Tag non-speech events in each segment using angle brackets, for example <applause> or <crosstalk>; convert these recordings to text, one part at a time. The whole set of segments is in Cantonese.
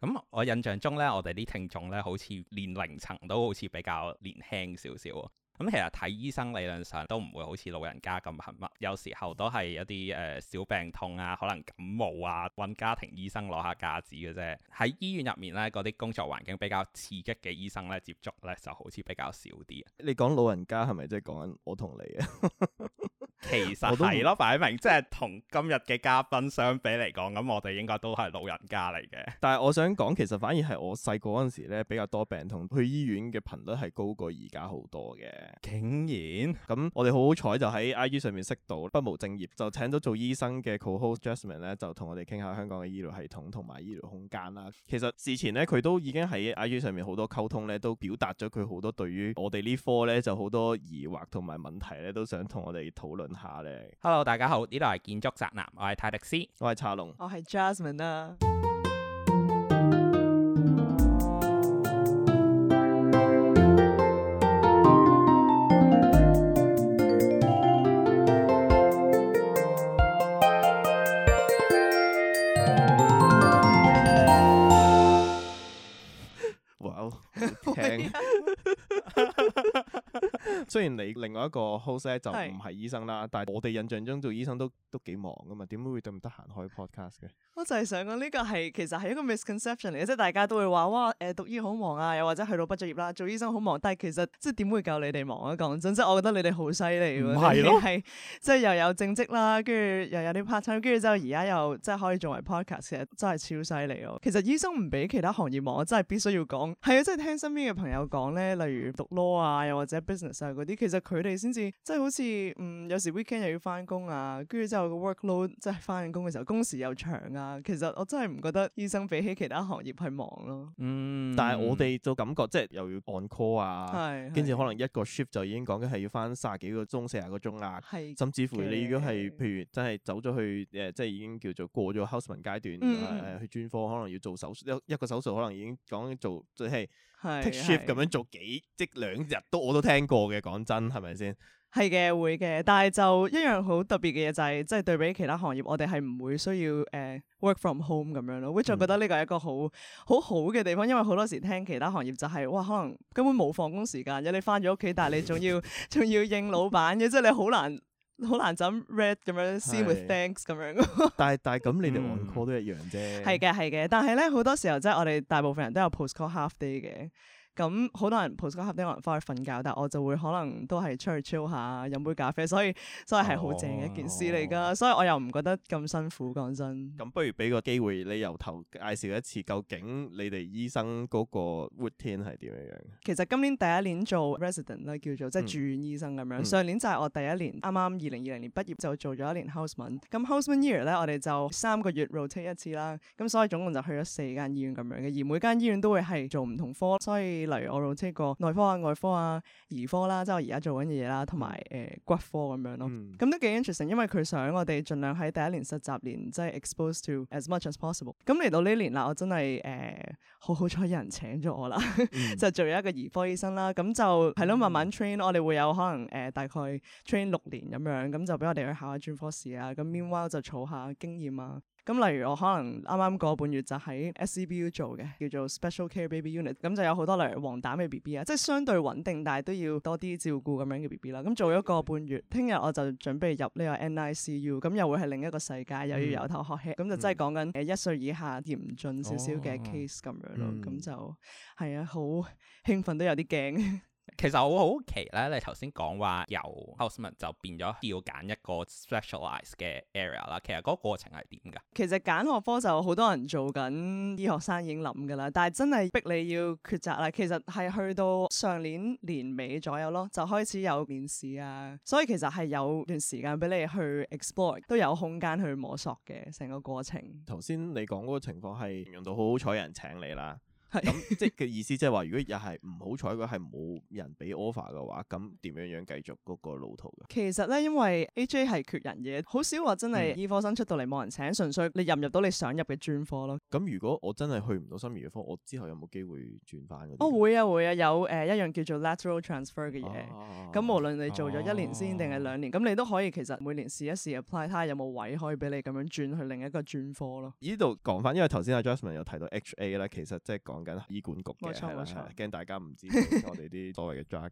咁我印象中呢，我哋啲聽眾呢，好似年齡層都好似比較年輕少少。咁其實睇醫生理論上都唔會好似老人家咁頻密，有時候都係一啲誒、呃、小病痛啊，可能感冒啊，揾家庭醫生攞下架子嘅啫。喺醫院入面呢，嗰啲工作環境比較刺激嘅醫生呢，接觸呢就好似比較少啲。你講老人家係咪即係講緊我同你啊？ <laughs> 其實係咯都，擺明即係同今日嘅嘉賓相比嚟講，咁我哋應該都係老人家嚟嘅。但係我想講，其實反而係我細個嗰陣時咧，比較多病痛，去醫院嘅頻率係高過而家好多嘅。竟然咁，我哋好好彩就喺 IG 上面識到畢無正業，就請到做醫生嘅 Co-host Jasmin 咧，就同我哋傾下香港嘅醫療系統同埋醫療空間啦。其實事前咧，佢都已經喺 IG 上面好多溝通咧，都表達咗佢好多對於我哋呢科咧就好多疑惑同埋問題咧，都想同我哋討論。下咧，Hello，大家好，呢度係建築宅男，我係泰迪斯，我係茶龍，我係 Jasmine 啦。哇哦，天！雖然你另外一個 host 就唔係醫生啦，是但係我哋印象中做醫生都都幾忙噶嘛，點會咁得閒開 podcast 嘅？我就係想講呢、呢個係其實係一個 misconception 嚟嘅，即係大家都會話哇誒、呃、讀醫好忙啊，又或者去到畢咗業啦，做醫生好忙。但係其實即係點會夠你哋忙啊？講真，即係我覺得你哋好犀利喎，即係即係又有正職啦，跟住又有啲 part time，跟住就而家又即係可以做埋 podcast，其實真係超犀利咯。其實醫生唔畀其他行業忙，我真係必須要講係啊，即係聽身邊嘅朋友講咧，例如讀 law 啊，又或者 business 啊。嗰啲其實佢哋先至即係好似嗯，有時 weekend 又要返工啊，跟住之後個 workload 即係返緊工嘅時候，工時又長啊。其實我真係唔覺得醫生比起其他行業係忙咯。嗯，但係我哋就感覺即係又要 on call 啊，跟住是可能一個 shift 就已經講緊係要返卅幾個鐘、四十個鐘啊。係，是的 甚至乎你如果係譬如真係走咗去誒、呃，即係已經叫做過咗 houseman 階段，嗯呃、去專科，可能要做手術，一一個手術可能已經講緊做即係。係，take shift 咁樣做幾即兩日都我都聽過嘅，講真係咪先？係嘅會嘅，但係就一樣好特別嘅嘢就係，即係對比其他行業，我哋係唔會需要誒 work from home 咁樣咯。which 我覺得呢個係一個好好好嘅地方，因為好多時聽其他行業就係，哇可能根本冇放工時間，有你翻咗屋企，但係你仲要仲 <laughs> 要應老闆嘅，即係你好難。好難就 read 咁樣先會 thanks 咁樣，但係但係咁你哋 on call，嗯、都一樣啫係嘅，係嘅，但係咧好多時候即係我哋大部分人都有 post call half day 嘅咁好、嗯、多人 post call half day，啲人翻去瞓覺，但我就會可能都係出去 chill 下，飲杯咖啡，所以所以係好正嘅一件事嚟噶，哦、所以我又唔覺得咁辛苦講真。咁不如俾個機會你由頭介紹一次，究竟你哋醫生嗰個 routine 係點樣樣？其實今年第一年做 resident 啦，叫做即係住院醫生咁樣。嗯嗯、上年就係我第一年，啱啱二零二零年畢業就做咗一年 houseman。咁 houseman year 咧，我哋就三個月 rotate 一次啦，咁所以總共就去咗四間醫院咁樣嘅，而每間醫院都會係做唔同科，所以。例如我做即係個內科啊、外科啊、兒科啦，即、就、係、是、我而家做緊嘅嘢啦，同埋誒骨科咁樣咯。咁、嗯、都幾 interesting，因為佢想我哋盡量喺第一年實習年即係、就是、expose to as much as possible。咁嚟到呢年啦，我真係誒、呃、好好彩有人請咗我啦，嗯、 <laughs> 就做一個兒科醫生啦。咁就係咯，慢慢 train。我哋會有可能誒、呃、大概 train 六年咁樣，咁就俾我哋去考下專科試啊。咁 meanwhile 就儲下經驗啊。咁例如我可能啱啱個半月就喺 SCBU 做嘅，叫做 Special Care Baby Unit，咁就有好多例如黃疸嘅 BB 啊，即係相對穩定，但係都要多啲照顧咁樣嘅 BB 啦。咁做咗個半月，聽日我就準備入呢個 NICU，咁又會係另一個世界，嗯、又要由頭學起，咁就真係講緊誒一歲以下嚴峻少少嘅 case 咁、哦嗯、樣咯。咁就係啊，好興奮都有啲驚。其實我好奇咧，你頭先講話由 houseman 就變咗要揀一個 specialized 嘅 area 啦，其實嗰個過程係點噶？其實揀學科就好多人做緊，醫學生已經諗噶啦，但係真係逼你要抉擇啦。其實係去到上年年尾左右咯，就開始有面試啊，所以其實係有段時間俾你去 explore 都有空間去摸索嘅成個過程。頭先你講嗰個情況係用到好好彩有人請你啦。係即係嘅意思，即係話如果又係唔好彩，佢係冇人俾 offer 嘅話，咁點樣樣繼續嗰個路途嘅？其實咧，因為 HA 係缺人嘅，好少話真係醫、e、科生出到嚟冇人請，純粹你入唔入到你想入嘅專科咯。咁、嗯、如果我真係去唔到心儀嘅科，我之後有冇機會轉翻？我、哦、會啊會啊，有誒、呃、一樣叫做 lateral transfer 嘅嘢。咁、啊、無論你做咗一年先定係兩年，咁、啊、你都可以其實每年試一試 apply 睇下有冇位可以俾你咁樣轉去另一個專科咯。呢度講翻，因為頭先阿 Jasmin 有提到 HA 咧，其實即係講。講緊醫管局嘅，冇錯冇錯，驚大家唔知我哋啲所謂嘅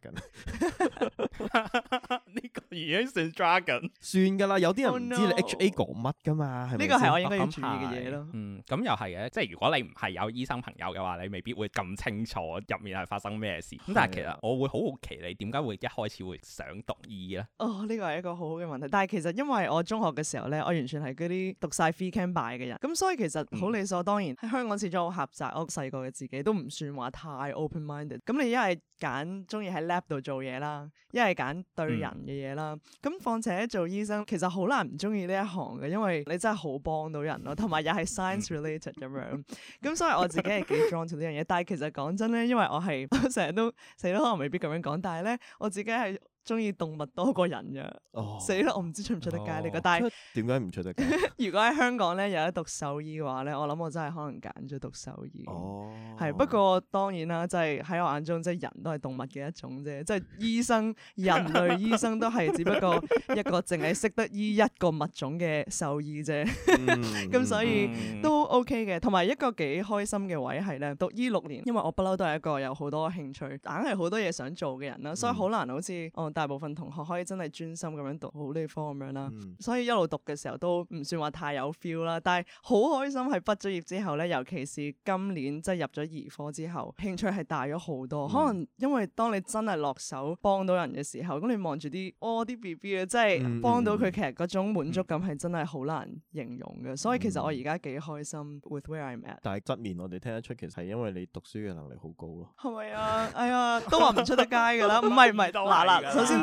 dragon。呢 <laughs> 個已經算 dragon， <laughs> 算噶啦。有啲人唔知你 HA 講乜噶嘛？係咪？呢個係我應該要注意嘅嘢咯。嗯，咁又係嘅。即係如果你唔係有醫生朋友嘅話，你未必會咁清楚入面係發生咩事。咁的但係其實我會好好奇你點解會一開始會想讀醫、e、咧？哦，呢個係一個好好嘅問題。但係其實因為我中學嘅時候咧，我完全係嗰啲讀晒 Phy Chem Bio 嘅人，咁所以其實好理所、嗯、當然喺香港始終好狹窄。我細個嘅自己都唔算話太 open minded。咁你一係，揀中意喺 lab 度做嘢啦，一係揀對人嘅嘢啦。咁、嗯、況且做醫生其實好難唔中意呢一行嘅，因為你真係好幫到人咯，同埋又係 science related 咁樣。咁所以我自己係幾 drawn to 呢樣嘢。但係其實講真咧，因為我係成日都，成日都可能未必咁樣講，但係咧我自己係。中意動物多過人嘅、啊，死啦、oh.！我唔知能能出唔出得街呢個，oh. 但係點解唔出得街？ <laughs> 如果喺香港咧，有一讀獸醫嘅話咧，我諗我真係可能揀咗讀獸醫。哦、oh.，係不過當然啦，即係喺我眼中，即、就、係、是、人都係動物嘅一種啫。即、就、係、是、醫生， <laughs> 人類醫生都係只不過一個淨係識得醫一個物種嘅獸醫啫。咁、 <laughs> mm hmm. <laughs> 所以都 OK 嘅，同埋一個幾開心嘅位係咧，讀醫六年，因為我不嬲都係一個有好多興趣，硬係好多嘢想做嘅人啦，mm hmm. 所以好難好似我。哦大部分同學可以真係專心咁樣讀好呢科咁樣啦，嗯、所以一路讀嘅時候都唔算話太有 feel 啦。但係好開心喺畢咗業之後咧，尤其是今年即係、就是、入咗兒科之後，興趣係大咗好多。嗯、可能因為當你真係落手幫到人嘅時候，咁你望住啲哦啲 BB 嘅，即係幫到佢，其實嗰種滿足感係真係好難形容嘅。嗯、所以其實我而家幾開心、嗯、with where I'm at。但係側面我哋聽得出，其實係因為你讀書嘅能力好高咯。係咪啊？哎呀，都話唔出得街㗎啦，唔係唔係，嗱嗱。首先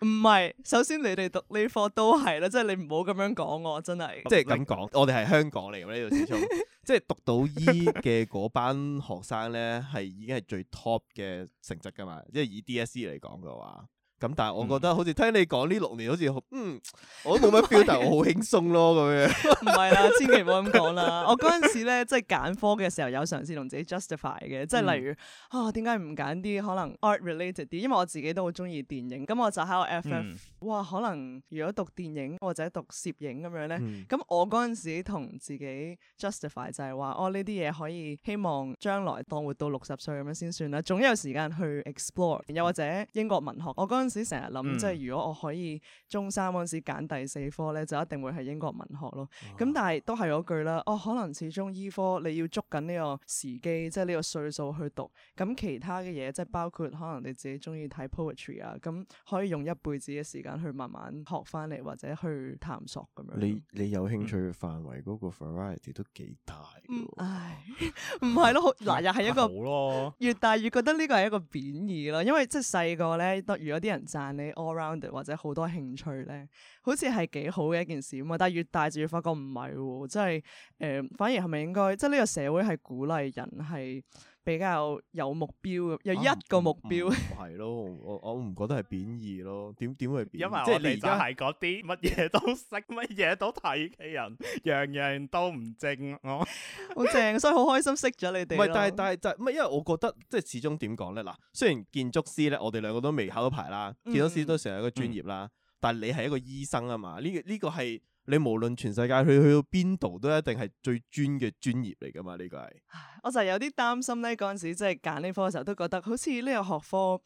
唔係，首先你哋讀呢科都係啦，即係你唔好咁樣講我，真係即係咁講，我哋係香港嚟嘅呢度始終， <laughs> 即係讀到醫嘅嗰班學生咧，係 <laughs> 已經係最 top 嘅成績噶嘛，即係以 DSE 嚟講嘅話。咁但係我覺得、嗯、好似聽你講呢六年好似嗯我都冇乜 feel，我好輕鬆咯咁樣唔係啦，千祈唔好咁講啦。 <laughs> 我陣時咧，即係揀科嘅時候有嘗試同自己 justify 嘅，即係例如、嗯、啊，點解唔揀啲可能 art related 啲？因為我自己都好中意電影，咁我就喺我 FF，、嗯、哇，可能如果讀電影或者讀攝影咁樣咧，咁、嗯、我陣時同自己 justify 就係話哦呢啲嘢可以希望將來當活到六十歲咁樣先算啦，總有時間去 explore，又或者英國文學我陣。嗰時成日諗，即係如果我可以中三陣時揀第四科咧，就一定會係英國文學咯。咁、啊、但係都係嗰句啦，哦，可能始終醫科你要捉緊呢個時機，即係呢個歲數去讀，咁其他嘅嘢，即係包括可能你自己中意睇 poetry 啊，咁、嗯、可以用一輩子嘅時間去慢慢學翻嚟，或者去探索咁樣，你你有興趣嘅範圍嗰個 variety 都幾大㗎、嗯。唉，唔 <laughs> 係咯，嗱又係一個、嗯、好咯，越大越覺得呢個係一個貶義啦，因為即係細個咧，得如果啲人。賺你 all round 或者好多興趣咧，好似係幾好嘅一件事啊嘛！但係越大就越發覺唔係喎，即係誒、呃，反而係咪應該？即係呢個社會係鼓勵人係。比較有目標，有一個目標、啊。係咯，我我唔覺得係貶義咯。點點會貶義？因為即係嚟緊係嗰啲乜嘢都識，乜嘢都睇嘅人，樣樣都唔正。我好正， <laughs> 所以好開心識咗你哋。唔係，但係但係但係，因為我覺得即係始終點講咧，嗱，雖然建築師咧，我哋兩個都未考到牌啦，建築師都成一個專業啦，嗯嗯、但係你係一個醫生啊嘛，呢、呢、呢個係。呢個你無論全世界去去到邊度，都一定係最專嘅專業嚟㗎嘛？呢個係，我就係有啲擔心咧。嗰陣時即係揀呢科嘅時候，都覺得好似呢個學科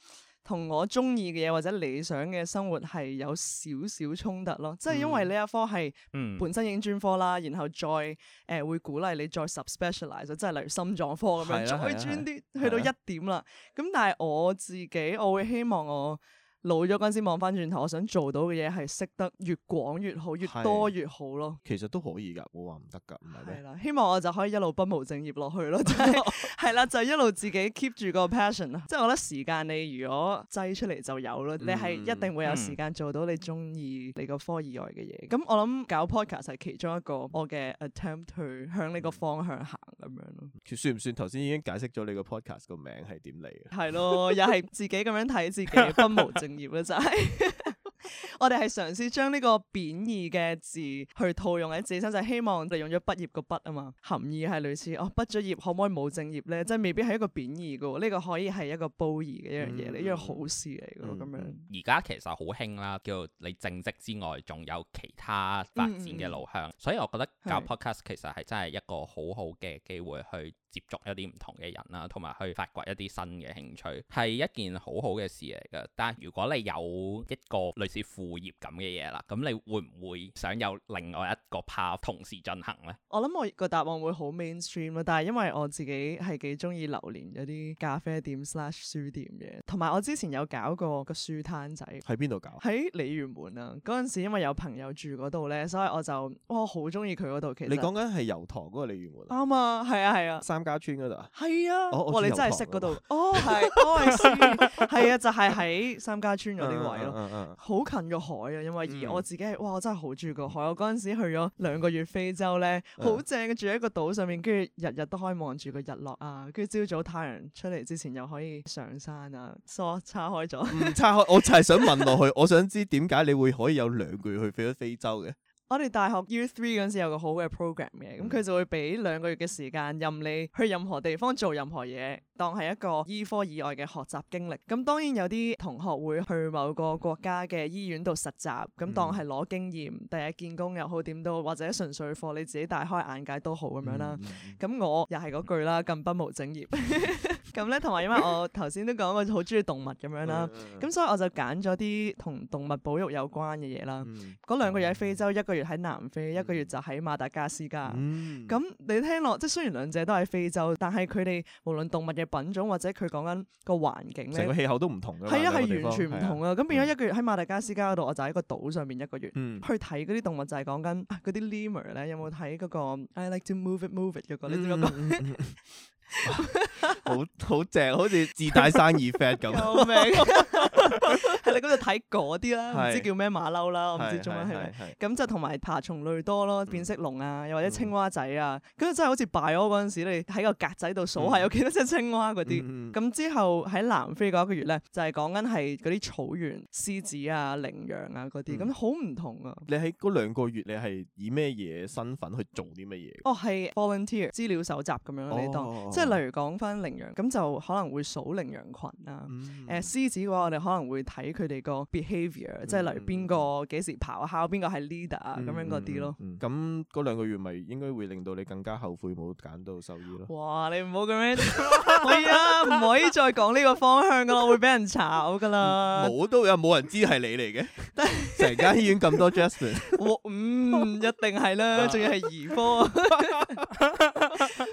同我中意嘅嘢或者理想嘅生活係有少少衝突咯。即係因為呢一科係本身已經專科啦，嗯、然後再誒、呃、會鼓勵你再 subspecialise，即係例如心臟科咁樣、啊、再專啲，啊、去到一點啦。咁、啊、但係我自己，我會希望我，老咗嗰陣時望翻轉頭，我想做到嘅嘢係識得越廣越好，越多越好咯。其實都可以㗎，我話唔得㗎，唔係咩？係啦，希望我就可以一路不務正業落去咯，係、就是、 <laughs> 啦，就是、一路自己 keep 住個 passion 即係 <laughs> 我覺得時間你如果擠出嚟就有咯，嗯、你係一定會有時間做到你中意你個科以外嘅嘢。咁、嗯嗯、我諗搞 podcast 係其中一個我嘅 attempt 去向呢個方向行咁樣咯。佢算唔算頭先已經解釋咗你個 podcast 個名係點嚟？嘅啦？係咯，又係自己咁樣睇自己不務正 <laughs> 業咧就係， <laughs> 我哋係嘗試將呢個貶義嘅字去套用喺自身，就係、是、希望就用咗畢業個畢啊嘛，含義係類似哦，畢咗業可唔可以冇正業咧？即係未必係一個貶義嘅，呢、這個可以係一個褒義嘅一樣嘢嚟，一樣、嗯、好事嚟嘅咁樣。而家其實好興啦，叫你正職之外，仲有其他發展嘅路向，嗯嗯，所以我覺得教 podcast 是其實係真係一個好好嘅機會去。接觸一啲唔同嘅人啦，同埋去發掘一啲新嘅興趣，係一件好好嘅事嚟噶。但係如果你有一個類似副業咁嘅嘢啦，咁你會唔會想有另外一個 part 同時進行咧？我諗我個答案會好 mainstream 咯，但係因為我自己係幾中意流連一啲咖啡店/書店嘅，同埋我之前有搞過個書攤仔。喺邊度搞？喺鯉魚門啊！嗰陣時因為有朋友住嗰度咧，所以我就哇好中意佢嗰度。其實你講緊係油塘嗰個鯉魚門。啱啊，係啊，係啊。三家村嗰度啊，係啊，哇！你真係識嗰度，哦係，我係，係啊，就係喺三家村嗰啲位咯，好近個海啊！因為而我自己係，哇！真係好住個海，我嗰陣時去咗兩個月非洲咧，好正嘅，住喺個島上面，跟住日日都可以望住個日落啊，跟住朝早太陽出嚟之前又可以上山啊，疏叉開咗，唔叉開，我就係想問落去，我想知點解你會可以有兩個月去飛咗非洲嘅？我哋大學 U3 嗰陣時有個好嘅 program 嘅，咁佢就會俾兩個月嘅時間，任你去任何地方做任何嘢，當係一個醫科以外嘅學習經歷。咁當然有啲同學會去某個國家嘅醫院度實習，咁當係攞經驗，第一見工又好，點都或者純粹放你自己大開眼界都好咁樣啦。咁 <music> <music> 我又係嗰句啦，咁不務正業。 <laughs> 咁咧，同埋因為我頭先都講我好中意動物咁樣啦，咁所以我就揀咗啲同動物保育有關嘅嘢啦。嗰兩個月喺非洲，一個月喺南非，一個月就喺馬達加斯加。咁你聽落，即係雖然兩者都喺非洲，但係佢哋無論動物嘅品種或者佢講緊個環境咧，成個氣候都唔同㗎。係啊，係完全唔同啊！咁變咗一個月喺馬達加斯加度，我就喺個島上面一個月去睇嗰啲動物，就係講緊嗰啲 lemur 咧。有冇睇嗰個 I like to move it move it 嗰好好正，好似自帶生意 fat 咁。救命。係 <laughs> 是 <laughs> 你嗰度睇嗰啲啦，唔知叫咩馬騮啦，我唔知中文中係咪？咁就同埋爬蟲類多咯，變、嗯、色龍啊，又或者青蛙仔啊，咁、嗯、真係好似 Bio 嗰陣時，你喺個格仔度數下有幾多隻青蛙嗰啲。咁之、嗯嗯、後喺南非嗰一個月咧，就係講緊係嗰啲草原獅子啊、羚羊啊嗰啲，咁好唔同啊！嗯、你喺嗰兩個月，你係以咩嘢身份去做啲乜嘢？哦，係 volunteer 資料搜集咁樣，你當、哦、即係例如講翻羚羊，咁就可能會數羚羊群啊。誒、嗯呃，獅子嘅話，我哋可能。會睇佢哋個 behavior，即係例如邊個幾時咆哮，邊個係 leader 啊，咁樣嗰啲咯。咁嗰兩個月咪應該會令到你更加後悔冇揀到獸醫咯。哇，你唔好咁樣，可以啊，唔可以再講呢個方向噶啦，會俾人炒噶啦。冇都有冇人知係你嚟嘅，但係成間醫院咁多 Jasmin，唔一定係啦，仲要係兒科。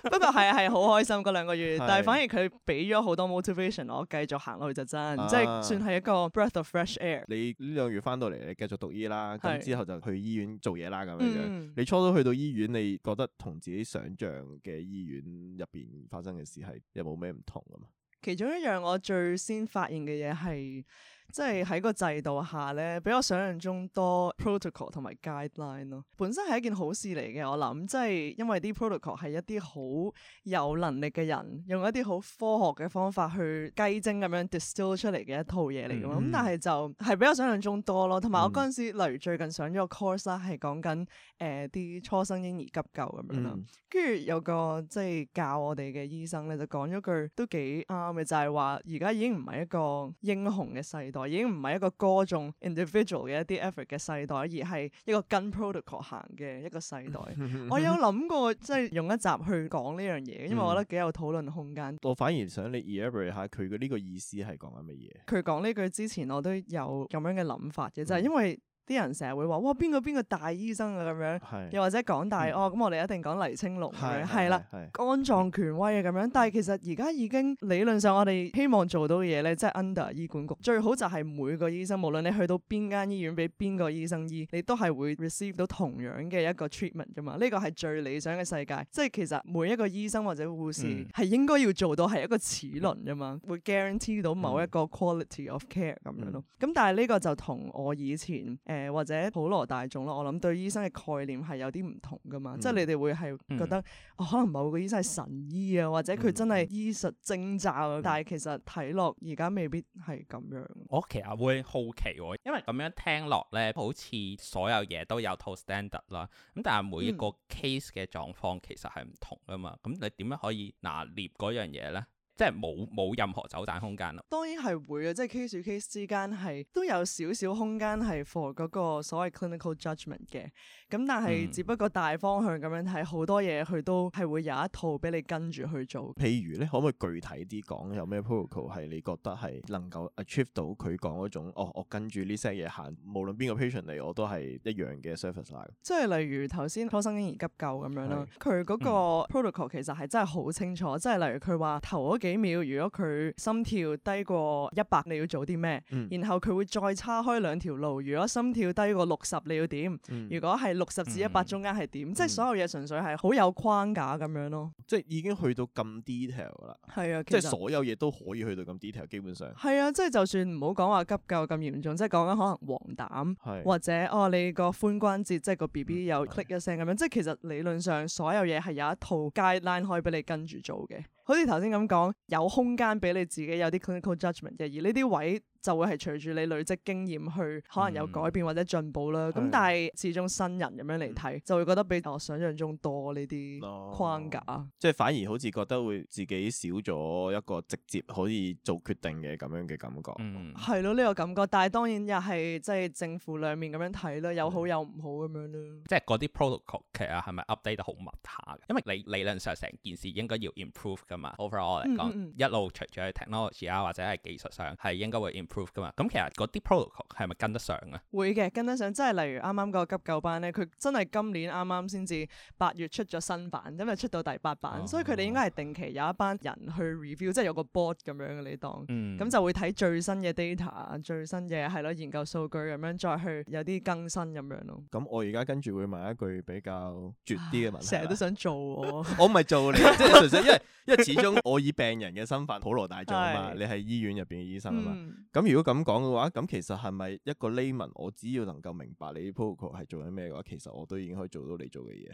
不過係啊係好開心嗰兩個月，但係反而佢俾咗好多 motivation 我繼續行落去就真，即係算係。一個 breath of fresh air。你呢兩月翻到嚟，你繼續讀醫啦，咁是之後就去醫院做嘢啦，咁樣樣。你初初去到醫院，你覺得同自己想象嘅醫院入邊發生嘅事係有冇咩唔同㗎嘛？其中一樣我最先發現嘅嘢係。即係喺個制度下咧，比我想象中多 protocol 同埋 guideline 咯。本身係一件好事嚟嘅，我諗即係因為啲 protocol 係一啲好有能力嘅人用一啲好科學嘅方法去雞精咁樣 distill 出嚟嘅一套嘢嚟㗎嘛。咁、mm hmm. 但係就係比我想象中多咯。同埋我陣時、mm hmm. 例如最近上咗個 course 啦，係講緊誒啲初生嬰兒急救咁樣啦。跟住、mm hmm. 有個即係教我哋嘅醫生咧，就講咗句都幾啱嘅、啊，就係話而家已經唔係一個英雄嘅世代。已經唔係一個歌頌 individual 嘅一啲 effort 嘅世代，而係一個跟 protocol 行嘅一個世代。 <laughs> 我有諗過即係用一集去講呢樣嘢，因為我覺得幾有討論空間。嗯、我反而想你 elaborate 下佢嘅呢個意思係講緊乜嘢？佢講呢句之前，我都有咁樣嘅諗法嘅，嗯、就係因為。啲人成日會話，哇邊個邊個大醫生啊咁樣，是又或者講大、嗯、哦咁，我哋一定講黎青龍咁樣，係啦，肝臟權威啊咁樣。但係其實而家已經理論上，我哋希望做到嘅嘢咧，即係 under 醫管局最好就係每個醫生，無論你去到邊間醫院俾邊個醫生醫，你都係會 receive 到同樣嘅一個 treatment 㗎嘛。呢、這個係最理想嘅世界，即係其實每一個醫生或者護士係、嗯、應該要做到係一個齒輪㗎嘛，嗯、會 guarantee 到某一個 quality of care 咁樣咯。咁但係呢個就同我以前、呃誒，或者普羅大眾咯，我諗對醫生嘅概念係有啲唔同噶嘛，嗯、即係你哋會係覺得、嗯哦，可能某個醫生係神醫啊，或者佢真係醫術精湛啊，但係其實睇落而家未必係咁樣。我其實會好奇、哦，因為咁樣聽落咧，好似所有嘢都有套 standard 啦，咁但係每一個 case 嘅狀況其實係唔同噶嘛，咁、嗯、你點樣可以拿捏嗰樣嘢咧？即係冇冇任何走彈空間咯。當然係會啊，即係 case 與 case 之間係都有少少空間係 for 嗰個所謂 clinical judgment 嘅。咁但係只不過大方向咁樣睇，好多嘢佢都係會有一套俾你跟住去做。譬、嗯、如咧，可唔可以具體啲講？有咩 protocol 係你覺得係能夠 achieve 到佢講嗰種哦，我跟住呢些嘢行，無論邊個 patient 嚟，我都係一樣嘅 service 啦。即係例如頭先初生嬰兒急救咁樣啦，佢嗰個 protocol、嗯、其實係真係好清楚。即係例如佢話頭嗰幾幾秒？如果佢心跳低過一百，你要做啲咩？嗯、然後佢會再叉開兩條路。如果心跳低過六十，你要點？嗯、如果係六十至一百、嗯、中間係點？嗯、即係所有嘢純粹係好有框架咁樣咯。即係已經去到咁 detail 啦。係啊，其實即係所有嘢都可以去到咁 detail，基本上係啊。即係就算唔好講話急救咁嚴重，即係講緊可能黃疸，是或者哦你個髖關節即係個 B B 有 click 一聲咁樣。是即係其實理論上所有嘢係有一套 guideline 可以俾你跟住做嘅。好似頭先咁講，有空間俾你自己有啲 clinical judgment 嘅，而呢啲位，就會係隨住你累積經驗去，可能有改變或者進步啦。咁、嗯、但係始終新人咁樣嚟睇，嗯、就會覺得比我想像中多呢啲框架，呃、即係反而好似覺得會自己少咗一個直接可以做決定嘅咁樣嘅感覺。嗯，係咯，呢個感覺，但係當然又係即係正負兩面咁樣睇啦，有好有唔好咁樣咯。嗯嗯嗯嗯、即係嗰啲 protocol 其實係咪 update 得好密下？因為你理論上成件事應該要 improve 噶嘛。Overall 嚟講，一路除咗 technology 啊，或者係技術上係應該會 improve。噶嘛？咁其實嗰啲 protocol 係咪跟得上啊？會嘅，跟得上。即係例如啱啱嗰急救班咧，佢真係今年啱啱先至八月出咗新版，因為出到第八版，哦、所以佢哋應該係定期有一班人去 review，即係有個 board 咁樣，你當咁、嗯、就會睇最新嘅 data，最新嘅係咯研究數據咁樣再去有啲更新咁樣咯。咁我而家跟住會問一句比較絕啲嘅問題，成日、啊、都想做我， <laughs> 我我唔係做你， <laughs> 即係純粹因為因為始終我以病人嘅身份普羅大眾啊嘛， <laughs> 你係醫院入邊嘅醫生啊嘛。 嗯咁如果咁講嘅話，咁其實係咪一個 layman？我只要能夠明白你 protocol 係做緊咩嘅話，其實我都已經可以做到你做嘅嘢。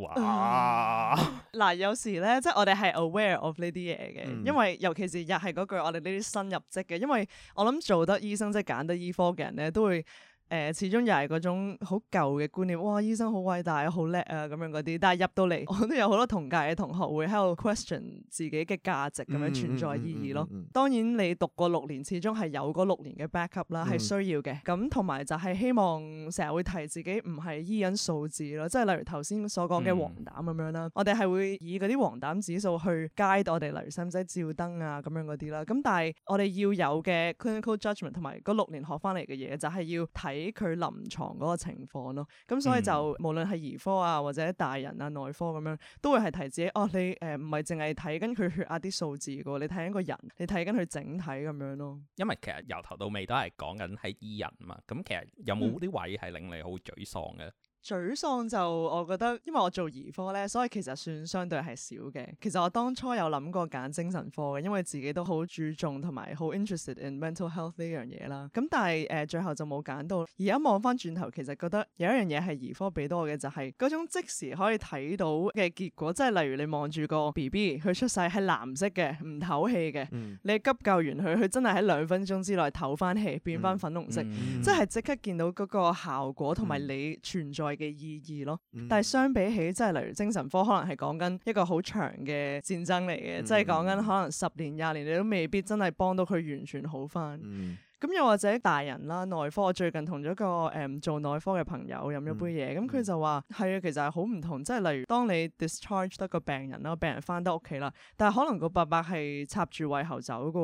哇！嗱、呃呃，有時咧，即係我哋係 aware of 呢啲嘢嘅，因為尤其是入係嗰句，我哋呢啲新入職嘅，因為我諗做得醫生即係揀得醫科嘅人咧，都會。誒始終又係嗰種好舊嘅觀念，哇！醫生好偉大啊，好叻啊，咁樣嗰啲。但係入到嚟，我都有好多同屆嘅同學會喺度 question 自己嘅價值咁樣，存在意義咯。嗯嗯嗯嗯、當然你讀過六年，始終係有嗰六年嘅 back up 啦、嗯，係需要嘅。咁同埋就係希望成日會提自己唔係醫人數字咯，即係例如頭先所講嘅黃疸咁樣啦。我哋係會以嗰啲黃疸指數去 guide 我哋，例如使唔使照燈啊咁樣嗰啲啦。咁但係我哋要有嘅 clinical judgment 同埋嗰六年學翻嚟嘅嘢，就係、是、要睇。俾佢臨床嗰個情況咯，咁所以就、嗯、無論係兒科啊或者大人啊內科咁、啊、樣，都會係提自己哦，你誒唔係淨係睇緊佢血壓啲數字噶，你睇緊個人，你睇緊佢整體咁樣咯。因為其實由頭到尾都係講緊喺醫人嘛，咁其實有冇啲位係令你好沮喪嘅？嗯沮喪就我覺得，因為我做兒科呢，所以其實算相對係少嘅。其實我當初有諗過揀精神科嘅，因為自己都好注重同埋好 interested in mental health 呢樣嘢啦。咁但係誒、呃、最後就冇揀到。而家望翻轉頭，其實覺得有一樣嘢係兒科俾到我嘅，就係、是、嗰種即時可以睇到嘅結果。即係例如你望住個 BB，佢出世係藍色嘅，唔唞氣嘅，嗯、你急救完佢，佢真係喺兩分鐘之內唞翻氣，變翻粉紅色，嗯嗯、即係即刻見到嗰個效果同埋你存在、嗯。嗯嘅意義咯，嗯、但係相比起，即係例如精神科，可能係講緊一個好長嘅戰爭嚟嘅，嗯、即係講緊可能十年廿年，你都未必真係幫到佢完全好翻。嗯咁又或者大人啦，內科我最近同咗個誒、嗯、做內科嘅朋友飲咗杯嘢，咁佢、嗯、就話係啊，其實係好唔同，即係例如當你 discharge 得個病人啦，病人翻得屋企啦，但係可能個伯伯係插住胃喉走噶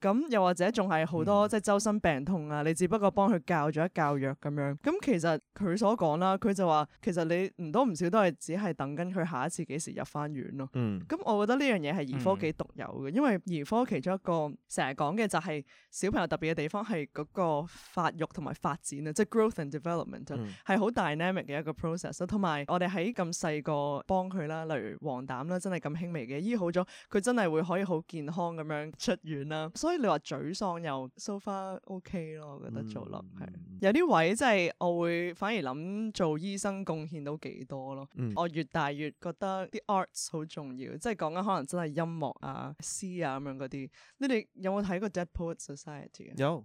咁、嗯、又或者仲係好多、嗯、即係周身病痛啊，你只不過幫佢教咗一教藥咁樣，咁、嗯、其實佢所講啦，佢就話其實你唔多唔少都係只係等緊佢下一次幾時入翻院咯、啊。咁、嗯嗯、我覺得呢樣嘢係兒科幾獨有嘅，因為兒科其中一個成日講嘅就係小朋友特別嘅地方。係嗰個發育同埋發展啊，即、就、係、是、growth and development 係好、嗯、dynamic 嘅一個 process。同埋我哋喺咁細個幫佢啦，例如黃疸啦，真係咁輕微嘅，醫好咗佢真係會可以好健康咁樣出院啦。所以你話沮喪又 so far OK 咯，我覺得做落係、嗯嗯。有啲位即係我會反而諗做醫生貢獻到幾多咯。嗯、我越大越覺得啲 arts 好重要，即係講緊可能真係音樂啊、詩啊咁樣嗰啲。你哋有冇睇過 Dead Poets Society？有。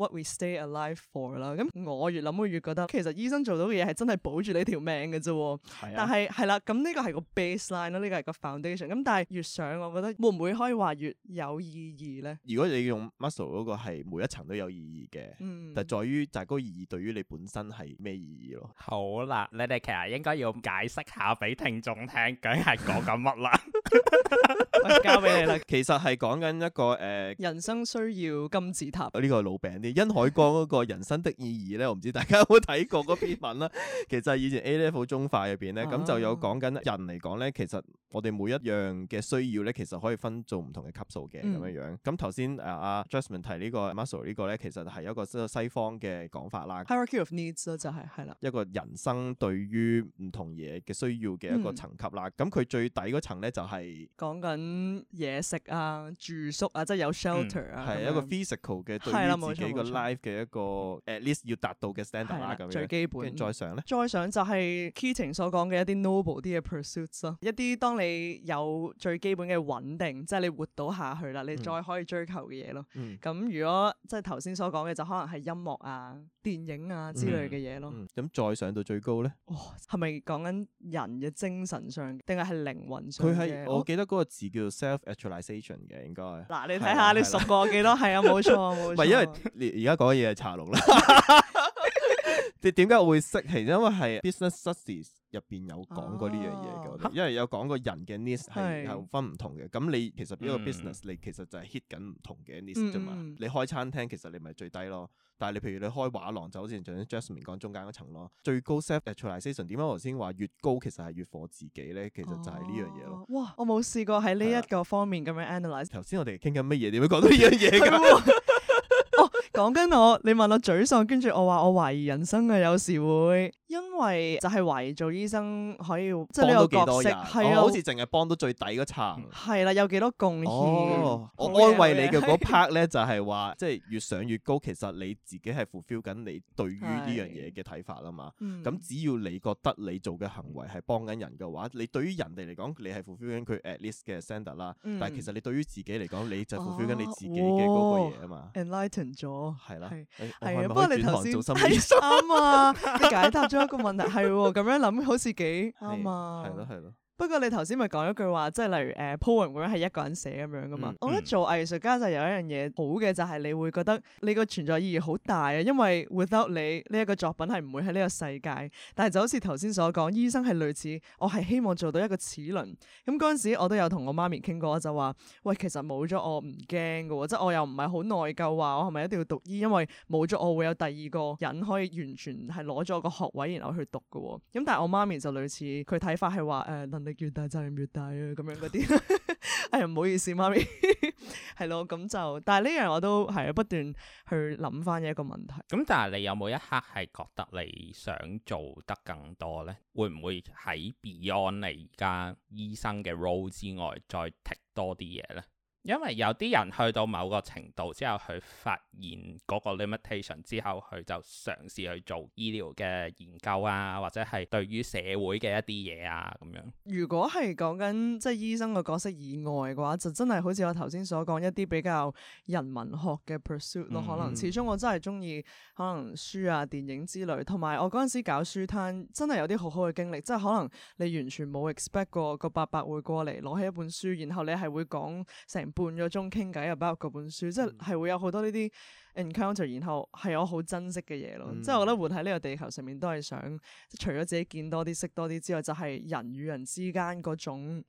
What we stay alive for 啦，咁我越諗我越覺得，其實醫生做到嘅嘢係真係保住你條命嘅啫。係、啊。但係係啦，咁呢個係個 baseline 啦，呢個係個 foundation。咁但係越想，我覺得會唔會可以話越有意義咧？如果你用 Maslow 嗰個係每一層都有意義嘅，嗯、但係在於就係嗰個意義對於你本身係咩意義咯？好啦，你哋其實應該要解釋下俾聽眾聽，究竟係講緊乜啦？我交俾你啦，其實係講緊一個誒，呃、人生需要金字塔。呢個老餅啲。殷海光嗰、那個人生的意義咧，我唔知大家有冇睇過嗰篇文啦。其實以前 A level 中化入邊咧，咁就有講緊人嚟講咧，其實。我哋每一樣嘅需要咧，其實可以分做唔同嘅級數嘅咁樣樣，咁頭先誒阿 Jasmine 提呢個 Maslow 呢個咧，其實係一個西西方嘅講法啦。Hierarchy of needs 咯，就係係啦。一個人生對於唔同嘢嘅需要嘅一個層級啦。咁佢最底嗰層咧就係講緊嘢食啊、住宿啊，即係有 shelter 啊。係一個 physical 嘅對於自己個 life 嘅一個 at least 要達到嘅 standard 啦，咁樣最基本。跟住再上咧？再上就係 Kitty 晴所講嘅一啲 noble 啲嘅 pursuits 咯，一啲當你有最基本嘅穩定，即係你活到下去啦，你再可以追求嘅嘢咯。咁、嗯、如果即係頭先所講嘅，就可能係音樂啊、電影啊之類嘅嘢咯。咁、嗯嗯、再上到最高咧，哇、哦！係咪講緊人嘅精神上，定係係靈魂上？佢係我記得嗰個字叫做 self-actualization 嘅，應該。嗱，你睇下的你熟過我幾多？係啊是的，冇 <laughs> 錯冇錯。唔係因為而而家講嘅嘢係茶綠啦。 <laughs> 你點解會識？係因為係 business studies 入邊有講過呢樣嘢嘅，因為有講過人嘅 needs 係有分唔同嘅。咁是你其實呢個 business、嗯、你其實就係 hit 緊唔同嘅 needs 啫嘛。嗯嗯你開餐廳其實你咪最低咯。但係你譬如你開畫廊，就好似頭先 Jasmine 講中間嗰層咯。最高 self-actualization 點解我頭先話越高其實係越火自己咧？其實就係呢樣嘢咯、啊。哇！我冇試過喺呢一個方面咁樣 analyze 頭先、啊、我哋傾緊乜嘢？點會講到呢樣嘢嘅？ <laughs> 嗎 <laughs> 講緊我，你問我沮喪，跟住我話我懷疑人生啊，有時會。因為就係懷疑做醫生可以即係呢個角色係啊，好似淨係幫到最底嗰層。係啦，有幾多貢獻？我安慰你嘅嗰 part 咧，就係話，即係越上越高。其實你自己係 fulfill 緊你對於呢樣嘢嘅睇法啊嘛。咁只要你覺得你做嘅行為係幫緊人嘅話，你對於人哋嚟講，你係 fulfill 緊佢 at least 嘅 centre 啦。但係其實你對於自己嚟講，你就 fulfill 緊你自己嘅嗰個嘢啊嘛。Enlighten 咗，係啦，係啊，幫你轉行做心理啊，你解答咗。一 <laughs> 個問題，係喎，咁樣諗好似幾啱啊！係咯，係對咯。對對不過你頭先咪講一句話，即係例如誒 poem 咁樣係一個人寫咁樣噶嘛？嗯嗯、我覺得做藝術家就有一樣嘢好嘅，就係、是、你會覺得你個存在意義好大啊！因為 without 你呢一、這個作品係唔會喺呢個世界。但係就好似頭先所講，醫生係類似我係希望做到一個齒輪。咁嗰陣時我都有同我媽咪傾過，就話：喂，其實冇咗我唔驚噶喎，即、就、係、是、我又唔係好內疚話我係咪一定要讀醫，因為冇咗我會有第二個人可以完全係攞咗個學位然後去讀噶喎。咁、嗯、但係我媽咪就類似佢睇法係話誒能力越大責任越大啊，咁樣嗰啲，呀、 <laughs> 哎，唔好意思，媽咪，係 <laughs> 咯，咁就，但係呢樣我都係不斷去諗翻一個問題。咁但係你有冇一刻係覺得你想做得更多咧？會唔會喺 Beyond 你而家醫生嘅 role 之外，再 tick 多啲嘢咧？因為有啲人去到某個程度之後，佢發現嗰個 limitation 之後，佢就嘗試去做醫療嘅研究啊，或者係對於社會嘅一啲嘢啊，咁樣。如果係講緊即係醫生嘅角色以外嘅話，就真係好似我頭先所講一啲比較人文學嘅 pursuit 咯。嗯嗯。可能始終我真係中意可能書啊、電影之類，同埋我嗰陣時搞書攤真係有啲好好嘅經歷，即係可能你完全冇 expect 過個伯伯會過嚟攞起一本書，然後你係會講成半個鐘傾偈啊，包括本書，即係會有好多呢啲 encounter，然後係我好珍惜嘅嘢咯。嗯、即係我覺得活喺呢個地球上面都，都係想除咗自己見多啲、識多啲之外，就係、是、人與人之間嗰種呢、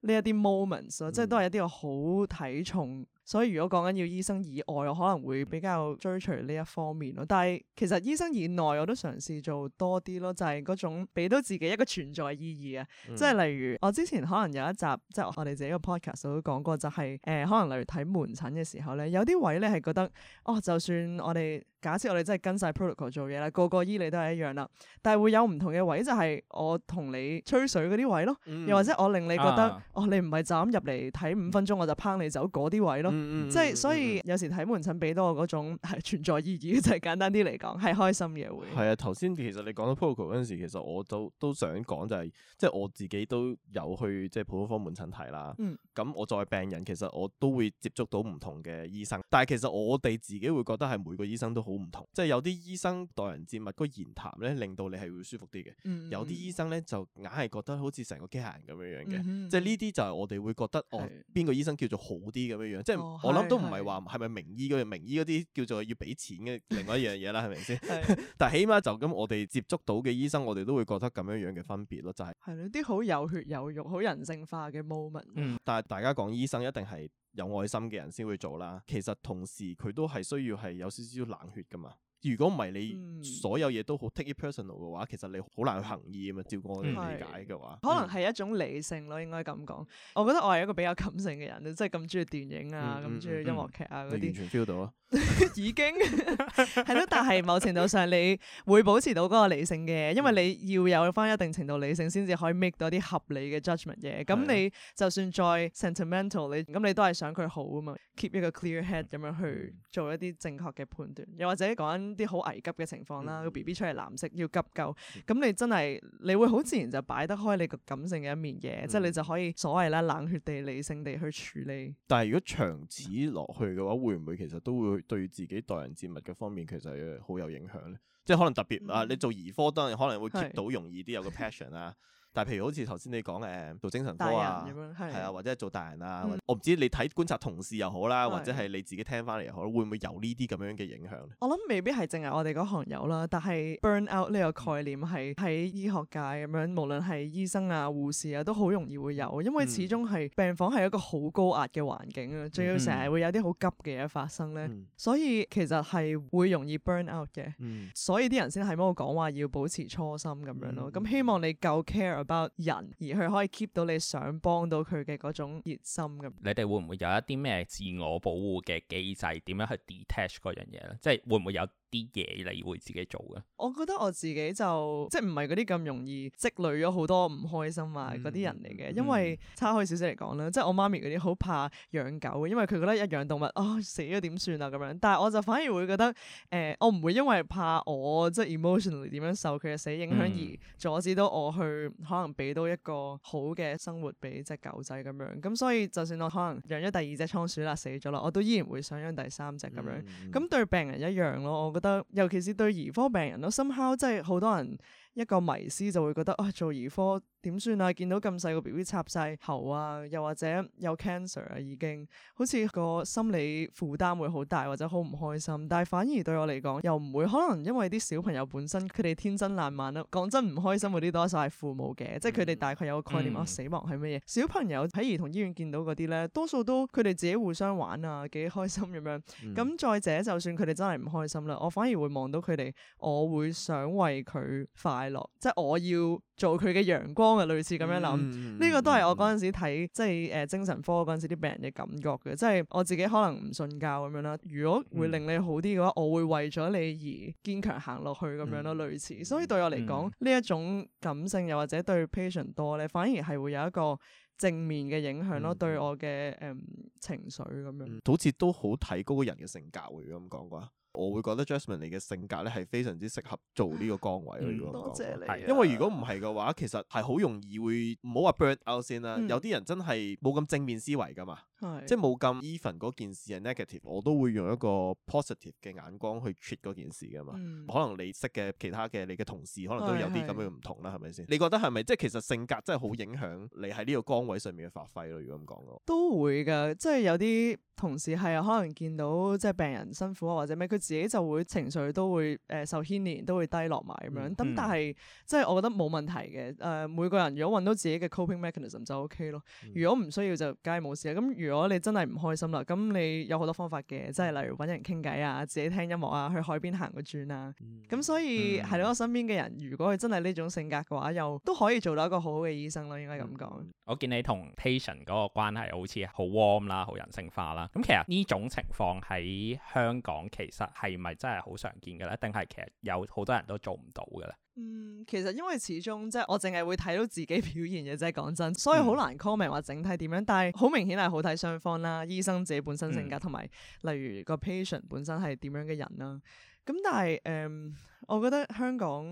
嗯、一啲 moments 咯，即係都係一啲我好睇重。所以如果講緊要醫生以外，我可能會比較追隨呢一方面咯。但係其實醫生以內，我都嘗試做多啲咯，就係、是、嗰種俾到自己一個存在意義啊。嗯、即係例如我之前可能有一集即係我哋自己個 podcast 都講過，就係、是、誒、呃、可能例如睇門診嘅時候咧，有啲位咧係覺得哦，就算我哋假設我哋真係跟晒 protocol 做嘢啦，個個醫你都係一樣啦。但係會有唔同嘅位，就係我同你吹水嗰啲位咯，嗯、又或者我令你覺得、啊、哦，你唔係就咁入嚟睇五分鐘我就拋你走嗰啲位咯。嗯嗯。即係所以、嗯、有時睇門診俾到我嗰種存在意義，就係、是、簡單啲嚟講係開心嘅會。係啊，頭先其實你講到 protocol 嗰陣時，其實我都都想講就係、是，即係我自己都有去即係普通科門診睇啦。嗯。咁我作為病人，其實我都會接觸到唔同嘅醫生，但係其實我哋自己會覺得係每個醫生都好唔同，即係有啲醫生待人接物個言談咧，令到你係會舒服啲嘅。嗯嗯，有啲醫生咧就硬係覺得好似成個機械人咁樣樣嘅，嗯嗯嗯、即係呢啲就係我哋會覺得哦，邊個醫生叫做好啲咁樣樣，即係、嗯。哦、我諗都唔係話係咪名醫嗰啲是是 名醫嗰啲叫做要俾錢嘅另外一樣嘢啦，係咪先？ <laughs> <laughs> 但係起碼就咁，我哋接觸到嘅醫生，我哋都會覺得咁樣樣嘅分別咯，就係係咯，啲好有血有肉、好人性化嘅 moment。嗯，但係大家講醫生一定係有愛心嘅人先會做啦。其實同時佢都係需要係有少少冷血噶嘛。如果唔係你所有嘢都好 take it personal 嘅話，其實你好難去行義啊嘛。照我理解嘅話，嗯嗯、可能係一種理性咯、啊，應該咁講。我覺得我係一個比較感性嘅人，即係咁中意電影啊，咁中意音樂劇啊嗰啲，嗯嗯、些完全 feel 到啊。 <laughs> 已經係咯， <laughs> 但係某程度上你會保持到嗰個理性嘅，因為你要有翻一定程度理性先至可以 make 到啲合理嘅 judgment 嘢。咁你就算再 sentimental，你咁你都係想佢好啊嘛。keep 一個 clear head 咁樣去做一啲正確嘅判斷，又或者講。啲好危急嘅情況啦，個 B B 出嚟藍色要急救，咁、嗯、你真係你會好自然就擺得開你個感性嘅一面嘢，嗯、即係你就可以所謂咧冷血地理性地去處理。但係如果長此落去嘅話，會唔會其實都會對自己待人接物嘅方面其實好有影響咧？即係可能特別啊，嗯、你做兒科當然可能會 keep 到容易啲有個 passion 啦是。嗯但譬如好似頭先你講誒做精神科啊，係啊，或者做大人啊，嗯、我唔知你睇觀察同事又好啦，嗯、或者係你自己聽翻嚟又好，會唔會有呢啲咁樣嘅影響咧？我諗未必係淨係我哋嗰行有啦，但係 burn out 呢個概念係喺醫學界咁樣，無論係醫生啊、護士啊，都好容易會有，因為始終係病房係一個好高壓嘅環境啊，仲要成日會有啲好急嘅嘢發生咧，嗯、所以其實係會容易 burn out 嘅，嗯、所以啲人先喺度講話要保持初心咁樣咯。咁、嗯、希望你夠 care。包人而去可以 keep 到你想幫到佢嘅嗰種熱心咁。你哋會唔會有一啲咩自我保護嘅機制？點樣去 detach 嗰樣嘢咧？即係會唔會有？啲嘢你會自己做嘅，我覺得我自己就即係唔係嗰啲咁容易積累咗好多唔開心啊嗰啲、嗯、人嚟嘅，因為、嗯、差開少少嚟講啦，即係我媽咪嗰啲好怕養狗，因為佢覺得一養動物、哦、死啊死咗點算啊咁樣，但係我就反而會覺得誒、呃，我唔會因為怕我即係 emotionally 點樣受佢嘅死影響、嗯、而阻止到我去可能俾到一個好嘅生活俾隻狗仔咁樣，咁所以就算我可能養咗第二隻倉鼠啦死咗啦，我都依然會想養第三隻咁樣，咁、嗯、對病人一樣咯，我。得，尤其是對兒科病人都深刻，即係好多人一個迷思就會覺得啊、哎，做兒科。點算啊？見到咁細個 B B 插晒喉啊，又或者有 cancer 啊，已經好似個心理負擔會好大，或者好唔開心。但係反而對我嚟講又唔會，可能因為啲小朋友本身佢哋天真爛漫啦。講真，唔開心嗰啲多晒父母嘅，嗯、即係佢哋大概有個概念、嗯、啊，死亡係乜嘢。小朋友喺兒童醫院見到嗰啲咧，多數都佢哋自己互相玩啊，幾開心咁樣。咁、嗯、再者，就算佢哋真係唔開心啦，我反而會望到佢哋，我會想為佢快樂，即係我要做佢嘅陽光。類似咁樣諗呢個都係我嗰陣時睇、嗯、即係誒、呃、精神科嗰陣時啲病人嘅感覺嘅，嗯、即係我自己可能唔信教咁樣啦。如果會令你好啲嘅話，我會為咗你而堅強行落去咁樣咯。嗯、類似所以對我嚟講呢一種感性又或者對 patient 多咧，反而係會有一個正面嘅影響咯，嗯、對我嘅誒、呃、情緒咁樣，嗯、好似都好睇個人嘅性格。如果咁講嘅我會覺得 Jasmine 你嘅性格咧係非常之適合做呢個崗位咯，多謝你。因為如果唔係嘅話，其實係好容易會唔好話 burn out 先啦。嗯、有啲人真係冇咁正面思維㗎嘛。是即係冇咁 even 嗰件事係 negative，我都會用一個 positive 嘅眼光去 treat 嗰件事噶嘛。嗯、可能你識嘅其他嘅你嘅同事可能都有啲咁嘅唔同啦，係咪先？你覺得係咪即係其實性格真係好影響你喺呢個崗位上面嘅發揮咯？如果咁講，都會㗎，即係有啲同事係啊可能見到即係病人辛苦啊或者咩，佢自己就會情緒都會誒受牽連都會低落埋咁樣，咁、嗯、但係、嗯、即係我覺得冇問題嘅。誒、呃、每個人如果揾到自己嘅 coping mechanism 就 OK 咯。如果唔需要就梗係冇事啊。咁如果你真係唔開心啦，咁你有好多方法嘅，即係例如揾人傾偈啊，自己聽音樂啊，去海邊行個轉啊。咁、嗯、所以係咯，嗯、我身邊嘅人如果佢真係呢種性格嘅話，又都可以做到一個好好嘅醫生咯，應該咁講。我見你同 patient 嗰個關係好似好 warm 啦，好人性化啦。咁其實呢種情況喺香港其實係咪真係好常見嘅咧？定係其實有好多人都做唔到嘅咧？嗯，其實因為始終即係我淨係會睇到自己表現嘅啫，講真，所以好難 comment 話整體點樣。但係好明顯係好睇雙方啦，醫生自己本身性格，同埋，嗯、例如個 patient 本身係點樣嘅人啦。咁但係誒，嗯，我覺得香港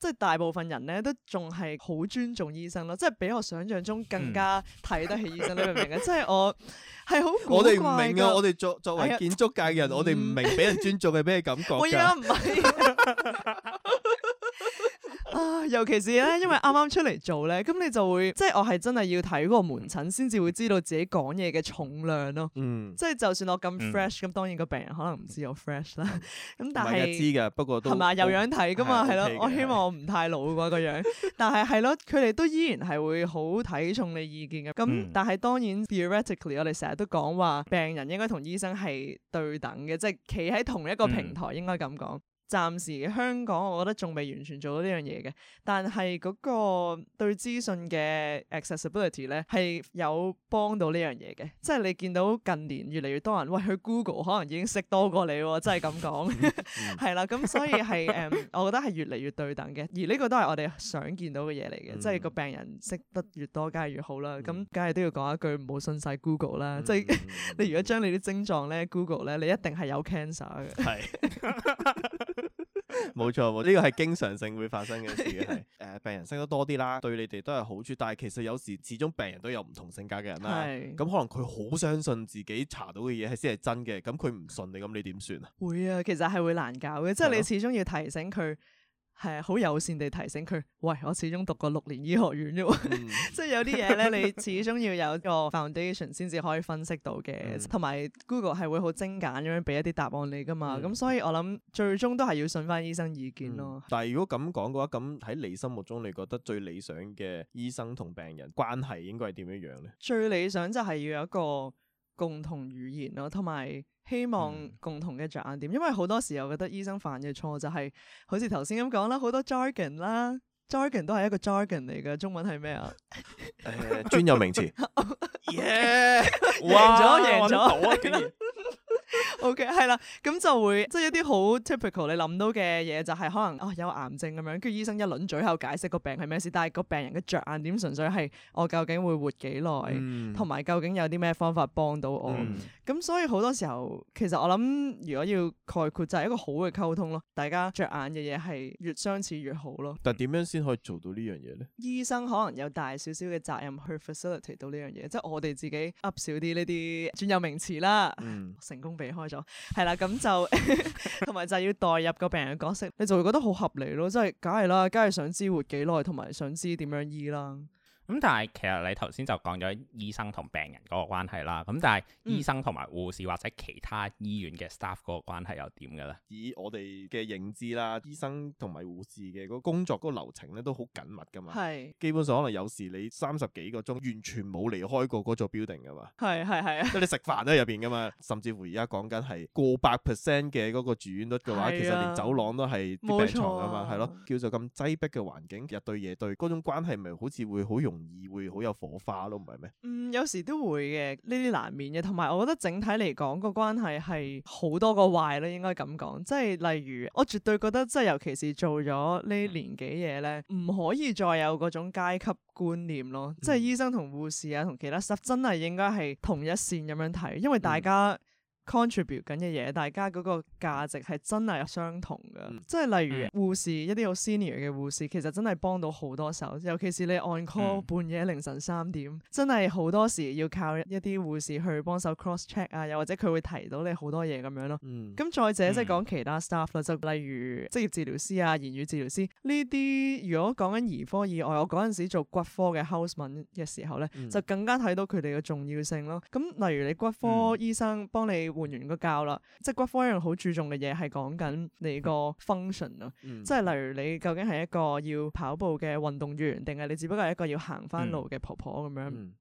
即係、就是、大部分人咧都仲係好尊重醫生咯，即係比我想象中更加睇得起醫生、嗯、你明唔 <laughs> 明㗎？即係我係好，我哋唔明㗎，我哋作作為建築界嘅人，哎嗯、我哋唔明俾人尊重係咩感覺。 <laughs> 我而家唔係。啊，尤其是咧，因為啱啱出嚟做咧，咁你就會，即係我係真係要睇個門診先至會知道自己講嘢嘅重量咯。嗯，即係就算我咁 fresh，咁當然個病人可能唔知我 fresh 啦。咁但係唔係一知㗎？不過都係嘛，有樣睇㗎嘛，係咯。我希望我唔太老啩個樣，但係係咯，佢哋都依然係會好睇重你意見嘅。咁但係當然，theoretically 我哋成日都講話病人應該同醫生係對等嘅，即係企喺同一個平台應該咁講。暫時香港，我覺得仲未完全做到呢樣嘢嘅，但係嗰個對資訊嘅 accessibility 咧係有幫到呢樣嘢嘅，即係你見到近年越嚟越多人喂去 Google 可能已經識多過你， <laughs> 真係咁講係啦。咁 <laughs> <laughs> 所以係誒，um, <laughs> 我覺得係越嚟越對等嘅，而呢個都係我哋想見到嘅嘢嚟嘅，嗯、即係個病人識得越多，梗係越好啦。咁梗係都要講一句，唔好信晒 Google 啦。嗯嗯、即係、嗯、 <laughs> 你如果將你啲症狀咧 Google 咧，你一定係有 cancer 嘅。係。 <laughs> <laughs> 冇錯，呢個係經常性會發生嘅事嘅，誒、 <laughs> 呃，病人識得多啲啦，對你哋都係好處。但係其實有時始終病人都有唔同性格嘅人啦，咁是可能佢好相信自己查到嘅嘢係先係真嘅，咁佢唔信你，咁你點算啊？會啊，其實係會難搞嘅，即係你始終要提醒佢、啊。係啊，好友善地提醒佢，喂，我始終讀過六年醫學院啫喎，即係、嗯、 <laughs> 有啲嘢咧，你始終要有一個 foundation 先至可以分析到嘅，同埋、嗯、Google 係會好精簡咁樣俾一啲答案你噶嘛，咁、嗯、所以我諗最終都係要信翻醫生意見咯。嗯、但係如果咁講嘅話，咁喺你心目中，你覺得最理想嘅醫生同病人關係應該係點樣樣咧？最理想就係要有一個共同語言咯，同埋。希望共同嘅着眼點，因為好多時候覺得醫生犯嘅錯就係，好似頭先咁講啦，好多 jargon 啦，jargon 都係一個 jargon 嚟嘅，中文係咩啊？誒、呃，專有名詞。Yeah，贏咗，贏咗， <laughs> O.K. 係啦，咁就會即係一啲好 typical 你諗到嘅嘢，就係、是、可能哦有癌症咁樣，跟住醫生一輪嘴後解釋個病係咩事，但係個病人嘅着眼點純粹係我究竟會活幾耐，同埋、嗯、究竟有啲咩方法幫到我。咁、嗯、所以好多時候，其實我諗，如果要概括就係一個好嘅溝通咯，大家着眼嘅嘢係越相似越好咯。但係點樣先可以做到呢樣嘢咧？醫生可能有大少少嘅責任去 facilitate 到呢樣嘢，即係我哋自己噏少啲呢啲專有名詞啦，嗯、成功俾。離開咗，係啦，咁就同埋 <laughs> 就要代入個病人嘅角色，你就會覺得好合理咯，即係梗係啦，梗係想知活幾耐，同埋想知點樣醫啦。咁、嗯、但係其實你頭先就講咗醫生同病人嗰個關係啦，咁但係醫生同埋護士或者其他醫院嘅 staff 嗰個關係又點嘅咧？以我哋嘅認知啦，醫生同埋護士嘅嗰個工作嗰個流程咧都好緊密噶嘛，係是基本上可能有時你三十幾個鐘完全冇離開過嗰座 building 噶嘛，係係係啊，即係你食飯都喺入邊噶嘛，甚至乎而家講緊係過百 percent 嘅嗰個住院率嘅話，啊、其實連走廊都係啲病床啊嘛，係、啊、咯，叫做咁擠迫嘅環境，日對夜對嗰種關係咪好似會好容容易會好有火花咯，唔係咩？嗯，有時都會嘅，呢啲難免嘅。同埋，我覺得整體嚟講個關係係好多個壞咯，應該咁講。即係例如，我絕對覺得即係，尤其是做咗呢年紀嘢咧，唔可以再有嗰種階級觀念咯。即係醫生同護士啊，同其他 staff 真係應該係同一綫咁樣睇，因為大家、嗯。contribute 緊嘅嘢，大家嗰個價值係真係相同嘅。嗯、即係例如、嗯、護士，一啲好 senior 嘅護士，其實真係幫到好多手。尤其是你 on call 半夜凌晨三點，嗯、真係好多時要靠一啲護士去幫手 cross check 啊，又或者佢會提到你好多嘢咁樣咯。咁、嗯、再者、嗯、即係講其他 staff 啦，就例如職業治療師啊、言語治療師呢啲。如果講緊兒科以外，我嗰陣時做骨科嘅 houseman 嘅時候咧，嗯、就更加睇到佢哋嘅重要性咯。咁例如你骨科醫生幫你，換完個膠啦，即係骨科一樣好注重嘅嘢、嗯，係講緊你個 function 啊，即係例如你究竟係一個要跑步嘅運動員，定係你只不過係一個要行翻路嘅婆婆咁、嗯、樣。嗯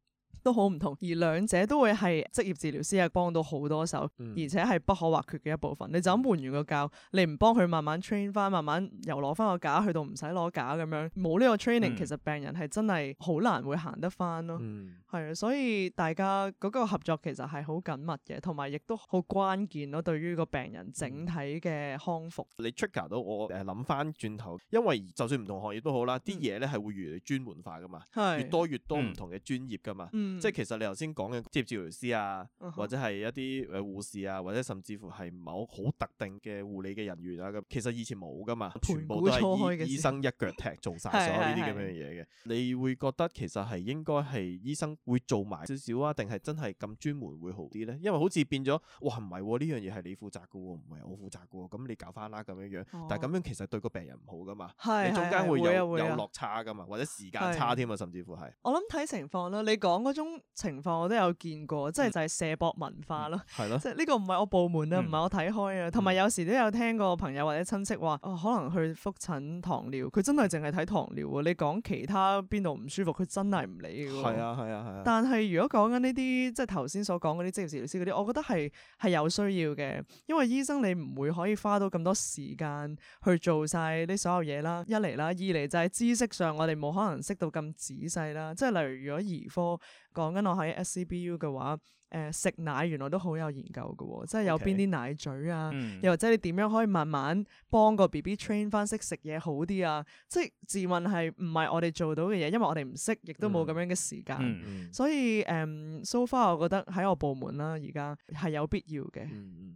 都好唔同，而兩者都會係職業治療師係幫到好多手，嗯、而且係不可或缺嘅一部分。你就咁換完個教，你唔幫佢慢慢 train 翻，慢慢又攞翻個架去到唔使攞架咁樣，冇呢個 training、嗯、其實病人係真係好難會行得翻咯。係啊、嗯，所以大家嗰個合作其實係好緊密嘅，同埋亦都好關鍵咯。對於個病人整體嘅康復。你 trigger 到我誒諗翻轉頭，因為就算唔同行業都好啦，啲嘢咧係會越嚟專門化噶嘛，嗯、越多越多唔同嘅專業噶嘛。嗯嗯。嗯、即係其實你頭先講嘅職業治療師啊，嗯、哼或者係一啲誒護士啊，或者甚至乎係某好特定嘅護理嘅人員啊，咁其實以前冇噶嘛，全部都係醫醫生一腳踢做晒所有呢啲咁樣嘢嘅。 <laughs> 的你會覺得其實係應該係醫生會做埋少少啊，定係真係咁專門會好啲呢？因為好似變咗，哇，唔係呢樣嘢係你負責噶喎、啊，唔係我負責噶喎、啊，咁你搞翻啦咁樣樣。哦、但係咁樣其實對個病人唔好噶嘛，的你中間會有落、啊、差噶嘛、啊，或者時間差添啊，甚至乎係。的我諗睇情況咯，你講嗰種。情況我都有見過，即係、嗯、就係卸膊文化咯，係咯、嗯，即係呢個唔係我部門啦，唔係、嗯、我睇開啊，同埋、嗯、有時都有聽過朋友或者親戚話，嗯、哦可能去復診糖尿，佢真係淨係睇糖尿，你講其他邊度唔舒服，佢真係唔理。係啊係啊係啊。但係如果講緊呢啲，即係頭先所講嗰啲職業治療師嗰啲，我覺得係係有需要嘅，因為醫生你唔會可以花到咁多時間去做晒啲所有嘢啦，一嚟啦，二嚟就係知識上我哋冇可能識到咁仔細啦，即係例如如果兒科。講緊，我喺 SCBU 嘅話。誒、呃、食奶原來都好有研究嘅喎、哦，即係有邊啲奶嘴啊，Okay . mm. 又或者你點樣可以慢慢幫個 BB train 翻識食嘢好啲啊？即係自問係唔係我哋做到嘅嘢，因為我哋唔識，亦都冇咁樣嘅時間。Mm. Mm. 所以誒、um，so far 我覺得喺我部門啦、啊，而家係有必要嘅，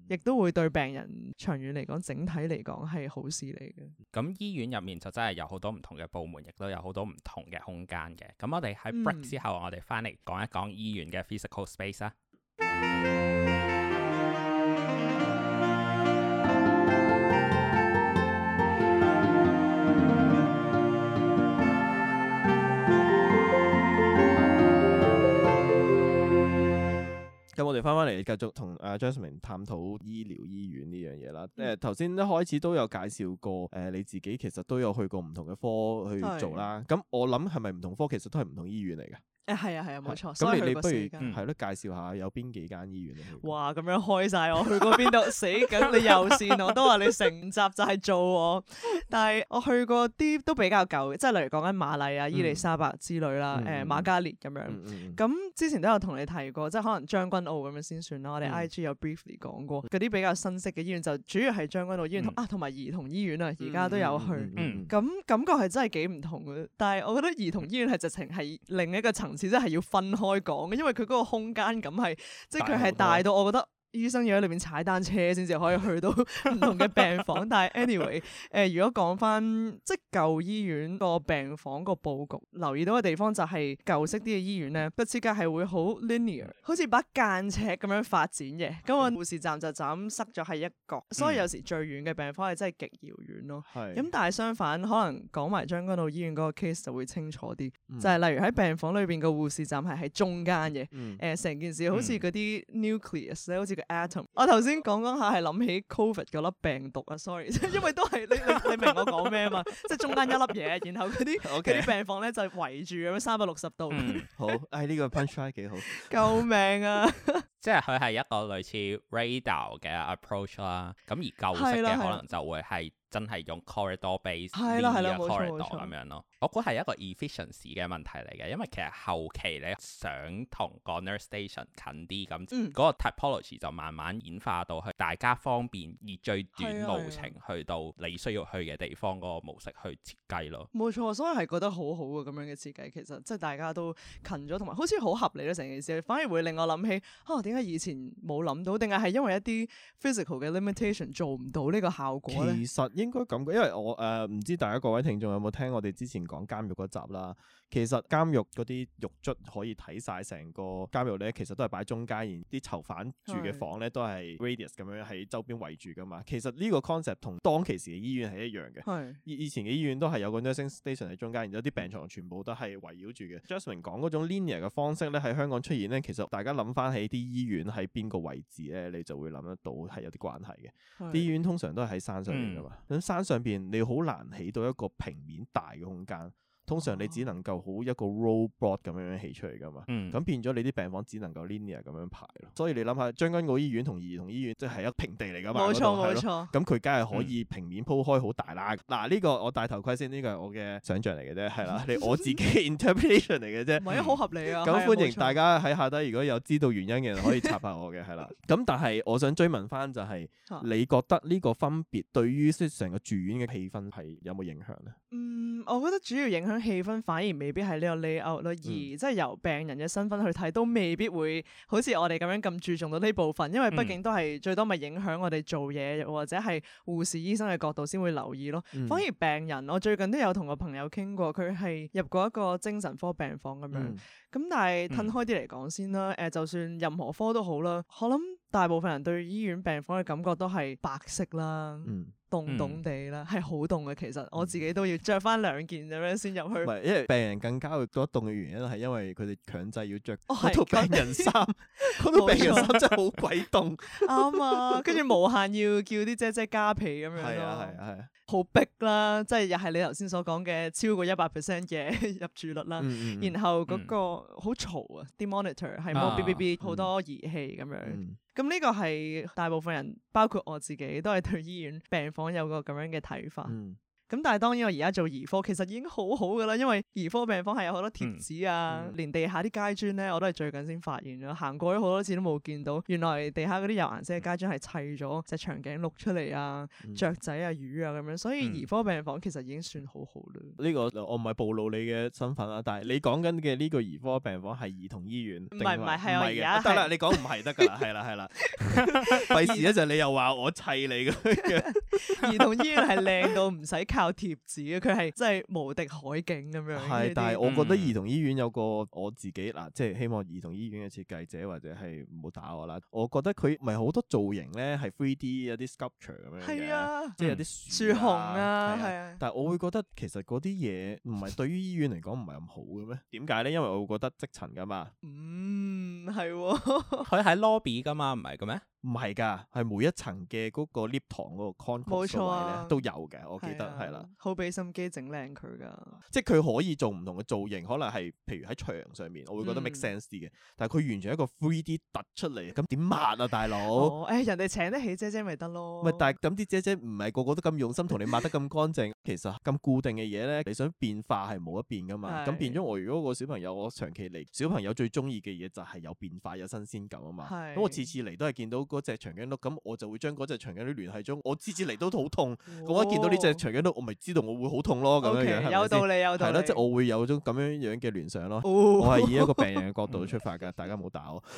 亦、mm. 都會對病人長遠嚟講、整體嚟講係好事嚟嘅。咁醫院入面就真係有好多唔同嘅部門，亦都有好多唔同嘅空間嘅。咁我哋喺 break 之後，mm. 我哋翻嚟講一講醫院嘅 physical space 啦。咁、嗯、我哋翻翻嚟，繼續同阿 Jasmin 探討醫療醫院呢樣嘢啦。誒、嗯，頭先一開始都有介紹過，誒、呃，你自己其實都有去過唔同嘅科去做啦。咁是我諗係咪唔同科其實都係唔同醫院嚟嘅？誒，係啊係啊冇錯，所以你不如係咯，介紹下有邊幾間醫院。哇，咁樣開晒，我去過邊度死梗你又線，我都話你成集就係做，但係我去過啲都比較舊嘅，即係例如講緊瑪麗啊、伊麗莎白之類啦，誒，瑪嘉烈咁樣。咁之前都有同你提過，即係可能將軍澳咁樣先算啦。我哋 I G 有 briefly 講過嗰啲比較新式嘅醫院，就主要係將軍澳醫院啊，同埋兒童醫院啊，而家都有去。咁感覺係真係幾唔同嘅，但係我覺得兒童醫院係直情係另一個層，始終係要分開講嘅，因為佢嗰個空間感係即係佢係大到我覺得。醫生要喺裏邊踩單車先至可以去到唔同嘅病房， <laughs> 但係 anyway，誒、呃、如果講翻即係舊醫院個病房個布局，留意到嘅地方就係舊式啲嘅醫院咧，個設計係會好 linear，好似把間尺咁樣發展嘅，咁個護士站就咁塞咗喺一角，所以有時最遠嘅病房係真係極遙遠咯。係、嗯，咁但係相反，可能講埋將軍澳醫院嗰個 case 就會清楚啲，嗯、就係例如喺病房裏邊個護士站係喺中間嘅，誒成、嗯呃、件事好似嗰啲 nucleus 咧，好似。atom，我頭先講講下係諗起 Covid 嗰粒病毒啊，sorry，因為都係你你你明我講咩啊嘛， <laughs> 即係中間一粒嘢，然後嗰啲啲病房咧就係、圍住咁樣三百六十度、 <laughs> 嗯。好，誒呢個 punchline 幾好， <laughs> 救命啊！ <laughs> 即係佢係一個類似 radar 嘅 approach 啦，咁而舊式嘅可能就會係。真係用 corridor base 呢個的 corridor 咁樣咯，錯我估係一個 efficiency 嘅問題嚟嘅，因為其實後期咧想同 nursing station 近啲，咁嗰、嗯、個 typology 就慢慢演化到去大家方便以最短路程的去到你需要去嘅地方個模式去設計咯。冇錯，所以係覺得好好嘅咁樣嘅設計，其實即係大家都近咗，同埋好似好合理咯成件事，反而會令我諗起嚇，點解以前冇諗到，定係係因為一啲 physical 嘅 limitation 做唔到呢個效果其實？應該咁嘅，因為我誒唔、呃、知大家各位有有聽眾有冇聽我哋之前講監獄嗰集啦。其實監獄嗰啲獄卒可以睇晒成個監獄咧，其實都係擺中間，而啲囚犯住嘅房咧都係 radius 咁樣喺周邊圍住噶嘛。其實呢個 concept 同當其時嘅醫院係一樣嘅，以是以前嘅醫院都係有個 nursing station 喺中間，然之後啲病床全部都係圍繞住嘅。嗯、Jasmin 講嗰種 linear 嘅方式咧喺香港出現咧，其實大家諗翻起啲醫院喺邊個位置咧，你就會諗得到係有啲關係嘅。啲是醫院通常都係喺山上面噶嘛。嗯喺山上邊，你好難起到一個平面大嘅空間。通常你只能夠好一個 row block 咁樣樣起出嚟噶嘛，咁變咗你啲病房只能夠 linear 咁樣排咯。所以你諗下，將軍澳醫院同兒童醫院即係一平地嚟噶嘛，冇錯冇錯。咁佢梗係可以平面鋪開好大啦。嗱呢個我戴頭盔先，呢個係我嘅想像嚟嘅啫，係啦，你我自己 interpretation 嚟嘅啫。唔係啊，好合理啊。咁歡迎大家喺下低如果有知道原因嘅人可以插下我嘅，係啦。咁但係我想追問翻就係，你覺得呢個分別對於成個住院嘅氣氛係有冇影響咧？嗯，我覺得主要影響。氣氛反而未必係呢個內勾 layout，而即係由病人嘅身份去睇，都未必會好似我哋咁樣咁注重到呢部分，因為畢竟都係最多咪影響我哋做嘢，又、嗯、或者係護士、醫生嘅角度先會留意咯。嗯、反而病人，我最近都有同個朋友傾過，佢係入過一個精神科病房咁樣。咁、嗯、但係褪、嗯、開啲嚟講先啦，誒，就算任何科都好啦，我諗大部分人對醫院病房嘅感覺都係白色啦。嗯凍凍地啦，係好凍嘅。其實我自己都要着翻兩件咁樣先入去。唔係，因為病人更加會覺得凍嘅原因係因為佢哋強制要着嗰套病人衫，嗰套病人衫真係好鬼凍。啱啊，跟住無限要叫啲姐姐加被咁樣咯。係啊係啊係啊，好逼啦，即係又係你頭先所講嘅超過一百 percent 嘅入住率啦。然後嗰個好嘈啊，啲 monitor 係冇 b b b 好多儀器咁樣。咁呢個係大部分人，包括我自己，都係對醫院病房有個咁樣嘅睇法。嗯咁但係當然我而家做兒科，其實已經好好噶啦，因為兒科病房係有好多貼紙啊，嗯嗯、連地下啲街磚咧，我都係最近先發現咗，行過咗好多次都冇見到，原來地下嗰啲有顏色嘅街磚係砌咗隻長頸鹿出嚟啊，雀、嗯、仔啊、魚啊咁樣，所以兒科病房其實已經算好好啦。呢、嗯嗯呢個我唔係暴露你嘅身份啊，但係你講緊嘅呢個兒科病房係兒童醫院，唔係唔係，係啊，而家得啦，你講唔係得噶，係啦係啦，費事咧就你又話我砌你嘅， <laughs> <laughs> <laughs> 兒童醫院係靚到唔使。靠貼紙嘅佢係真係無敵海景咁樣。係，但係我覺得兒童醫院有個我自己嗱，即係、嗯就是、希望兒童醫院嘅設計者或者係唔好打我啦。我覺得佢唔係好多造型咧，係 three D 有啲 sculpture 咁樣嘅，即係有啲樹熊啊，係啊。但係我會覺得其實嗰啲嘢唔係對於醫院嚟講唔係咁好嘅咩？點解咧？因為我會覺得積塵噶嘛。嗯，係喎、哦，佢喺 lobby 噶嘛，唔係嘅咩？唔係㗎，係每一層嘅嗰個 lift 堂嗰個 concept 都有嘅，我記得係啦。啊、的好俾心機整靚佢㗎，即係佢可以做唔同嘅造型，可能係譬如喺牆上面，我會覺得 make sense 啲嘅、嗯。但係佢完全一個 three D 凸出嚟，咁點抹啊，大佬？誒、哦哎，人哋請得起姐姐咪得咯。唔但係咁啲姐姐唔係個個都咁用心同你抹得咁乾淨， <laughs> 其實咁固定嘅嘢咧，你想變化係冇得變㗎嘛？咁是變咗我，如果個小朋友我長期嚟，小朋友最中意嘅嘢就係有變化有新鮮感啊嘛。咁的我次次嚟都係見到嗰隻長頸鹿，咁我就會將嗰隻長頸鹿聯繫中，我次次嚟都好痛。Oh. 我一見到呢隻長頸鹿，我咪知道我會好痛咯，咁樣嘅係咪先？有道理，有道理，即係、就是、我會有這種咁樣樣嘅聯想咯。Oh. 我係以一個病人嘅角度出發噶，oh. 大家唔好打我。 <laughs> <laughs>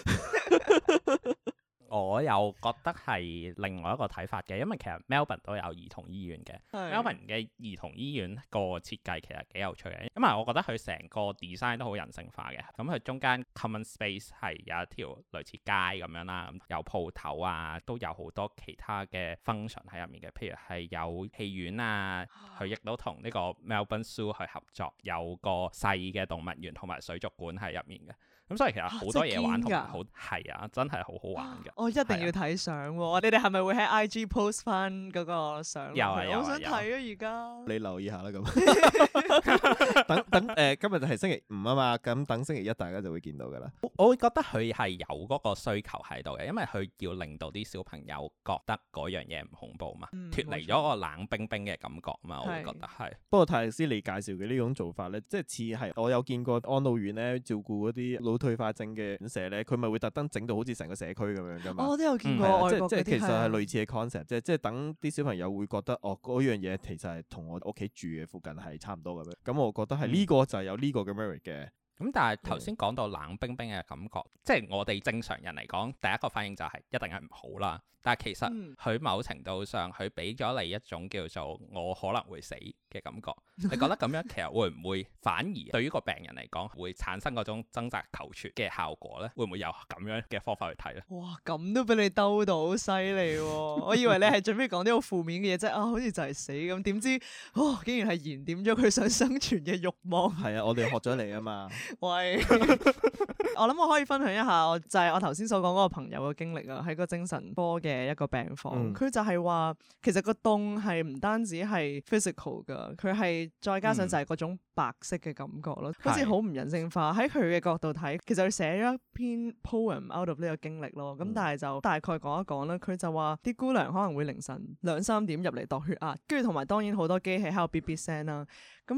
我又覺得係另外一個睇法嘅，因為其實 Melbourne 都有兒童醫院嘅是，Melbourne 嘅兒童醫院個設計其實幾有趣嘅，因為我覺得佢成個 design 都好人性化嘅。咁、嗯、佢中間 common space 係有一條類似街咁樣啦、嗯，有鋪頭啊，都有好多其他嘅 function 喺入面嘅，譬如係有戲院啊，佢亦都同呢個 Melbourne Zoo 去合作，有個細嘅動物園同埋水族館喺入面嘅。咁、嗯、所以其實好多嘢玩，好係啊，啊，真係好好玩嘅。我、哦、一定要睇相喎，我哋哋係咪會喺 IG post 翻嗰個相、啊？又啊有好想睇啊而家。啊啊、你留意下啦咁。 <laughs> <laughs> 等等誒、呃，今日就係星期五啊嘛，咁等星期一大家就會見到噶啦。我會覺得佢係有嗰個需求喺度嘅，因為佢要令到啲小朋友覺得嗰樣嘢唔恐怖嘛，脫、嗯、離咗個冷冰冰嘅感覺啊嘛。嗯、我覺得係。不過泰斯你介紹嘅呢種做法咧，即係似係我有見過安老院咧照顧嗰啲老。退化症嘅社咧，佢咪會特登整到好似成個社區咁樣噶嘛、哦？我都有見過、嗯的，即即其實係類似嘅 concept，的即即等啲小朋友會覺得哦，嗰樣嘢其實係同我屋企住嘅附近係差唔多嘅。咁我覺得係呢個就係有呢個嘅 merit 嘅。嗯嗯咁但係頭先講到冷冰冰嘅感覺，嗯、即係我哋正常人嚟講，第一個反應就係一定係唔好啦。但係其實佢某程度上，佢俾咗你一種叫做我可能會死嘅感覺。你覺得咁樣其實會唔會反而對於個病人嚟講，會產生嗰種掙扎求全嘅效果呢？會唔會有咁樣嘅方法去睇呢？哇！咁都俾你兜到、啊，好犀利喎！我以為你係最尾講呢個好負面嘅嘢即係，啊，好似就係死咁，點知哦，竟然係燃點咗佢想生存嘅慾望。係 <laughs> 啊，我哋學咗你啊嘛～喂， <laughs> <laughs> 我諗我可以分享一下我，就是，我就係我頭先所講嗰個朋友嘅經歷啊，喺個精神科嘅一個病房，佢、嗯、就係話，其實個凍係唔單止係 physical 噶，佢係再加上就係嗰種。白色嘅感覺咯，好似好唔人性化。喺佢嘅角度睇，其實佢寫咗一篇 poem out of 呢個經歷咯。咁但係就大概講一講啦。佢就話啲姑娘可能會凌晨兩三點入嚟度血壓，跟住同埋當然好多機器喺度 BB 聲啦。咁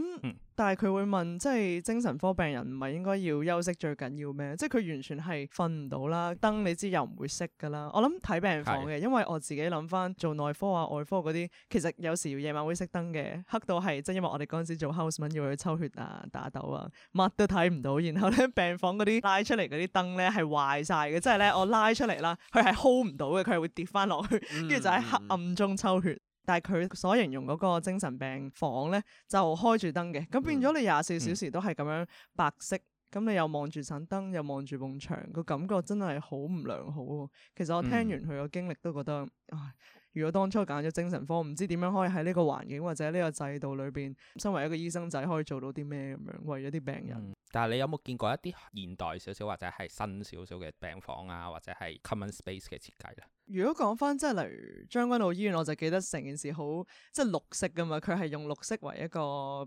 但係佢會問，即係精神科病人唔係應該要休息最緊要咩？即係佢完全係瞓唔到啦，燈你知又唔會熄㗎啦。我諗睇病房嘅，因為我自己諗翻做內科啊、外科嗰啲，其實有時夜晚會熄燈嘅，黑到係即係因為我哋嗰陣時做 houseman 要去抽血啊，打斗啊，乜都睇唔到。然後咧，病房嗰啲拉出嚟嗰啲燈咧係壞晒嘅，即係咧我拉出嚟啦，佢係 hold 唔到嘅，佢係會跌翻落去，跟住、嗯、就喺黑暗中抽血。但係佢所形容嗰個精神病房咧就開住燈嘅，咁變咗你廿四小時都係咁樣白色。咁、嗯嗯、你又望住盞燈，又望住埲牆，個感覺真係好唔良好。其實我聽完佢個經歷都覺得啊。嗯唉如果當初揀咗精神科，唔知點樣可以喺呢個環境或者呢個制度裏邊，身為一個醫生仔可以做到啲咩咁樣，為咗啲病人。嗯、但係你有冇見過一啲現代少少或者係新少少嘅病房啊，或者係 common space 嘅設計咧？如果講翻即係例如將軍澳醫院，我就記得成件事好即係綠色噶嘛，佢係用綠色為一個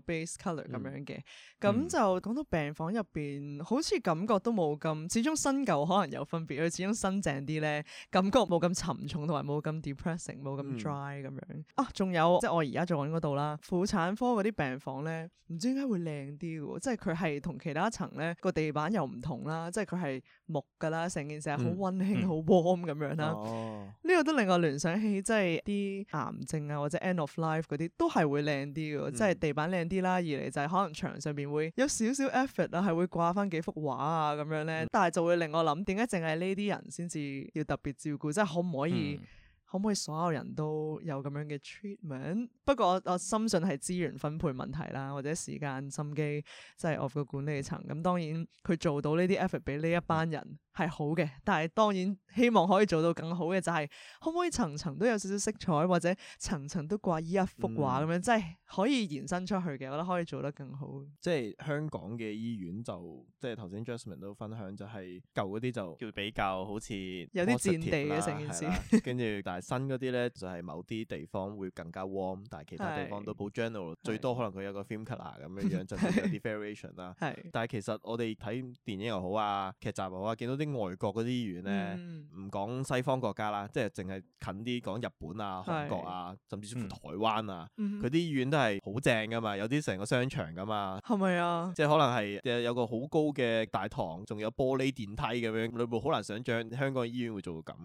base color 咁樣嘅。咁、嗯、就講、嗯、到病房入邊，好似感覺都冇咁，始終新舊可能有分別。佢始終新淨啲咧，感覺冇咁沉重同埋冇咁 depressing，冇咁 dry 咁樣。Ressing, ry, 嗯、啊，仲有即係我而家做緊嗰度啦，婦產科嗰啲病房咧，唔知點解會靚啲喎？即係佢係同其他層咧個地板又唔同啦，即係佢係木噶啦，成件事係好溫馨、好 warm 咁樣啦。嗯哦、呢個都令我聯想起，即係啲癌症啊，或者 end of life 嗰啲，都係會靚啲嘅，嗯、即係地板靚啲啦。二嚟就係可能牆上邊會有少少 effort 啊，係會掛翻幾幅畫啊咁樣咧。嗯、但係就會令我諗，點解淨係呢啲人先至要特別照顧？即係可唔可以、嗯？可唔可以所有人都有咁樣嘅 treatment？不過我，我深信係資源分配問題啦，或者時間心機，即係我個管理層咁，當然佢做到呢啲 effort 俾呢一班人係好嘅，但係當然希望可以做到更好嘅就係、是、可唔可以層層都有少少色彩，或者層層都掛依一幅畫咁樣，嗯、即係。可以延伸出去嘅，我覺得可以做得更好。即係香港嘅醫院就，即係頭先 Jasmin 都分享，就係舊嗰啲就叫比較好似有啲戰地嘅成件事。跟住，但係新嗰啲咧就係、是、某啲地方會更加 warm，但係其他地方都好 general 是。最多可能佢有個 film colour 咁樣樣，是就係有啲 variation 啦。係 <laughs> 是，但係其實我哋睇電影又好啊，劇集又好啊，見到啲外國嗰啲醫院咧，唔講、嗯、西方國家啦，即係淨係近啲講日本啊、韓國啊，是甚至乎台灣啊，佢啲、嗯、醫院真係好正㗎嘛，有啲成個商場㗎嘛，係咪啊？即係可能係有個好高嘅大堂，仲有玻璃電梯咁樣，你會好難想像香港醫院會做到咁。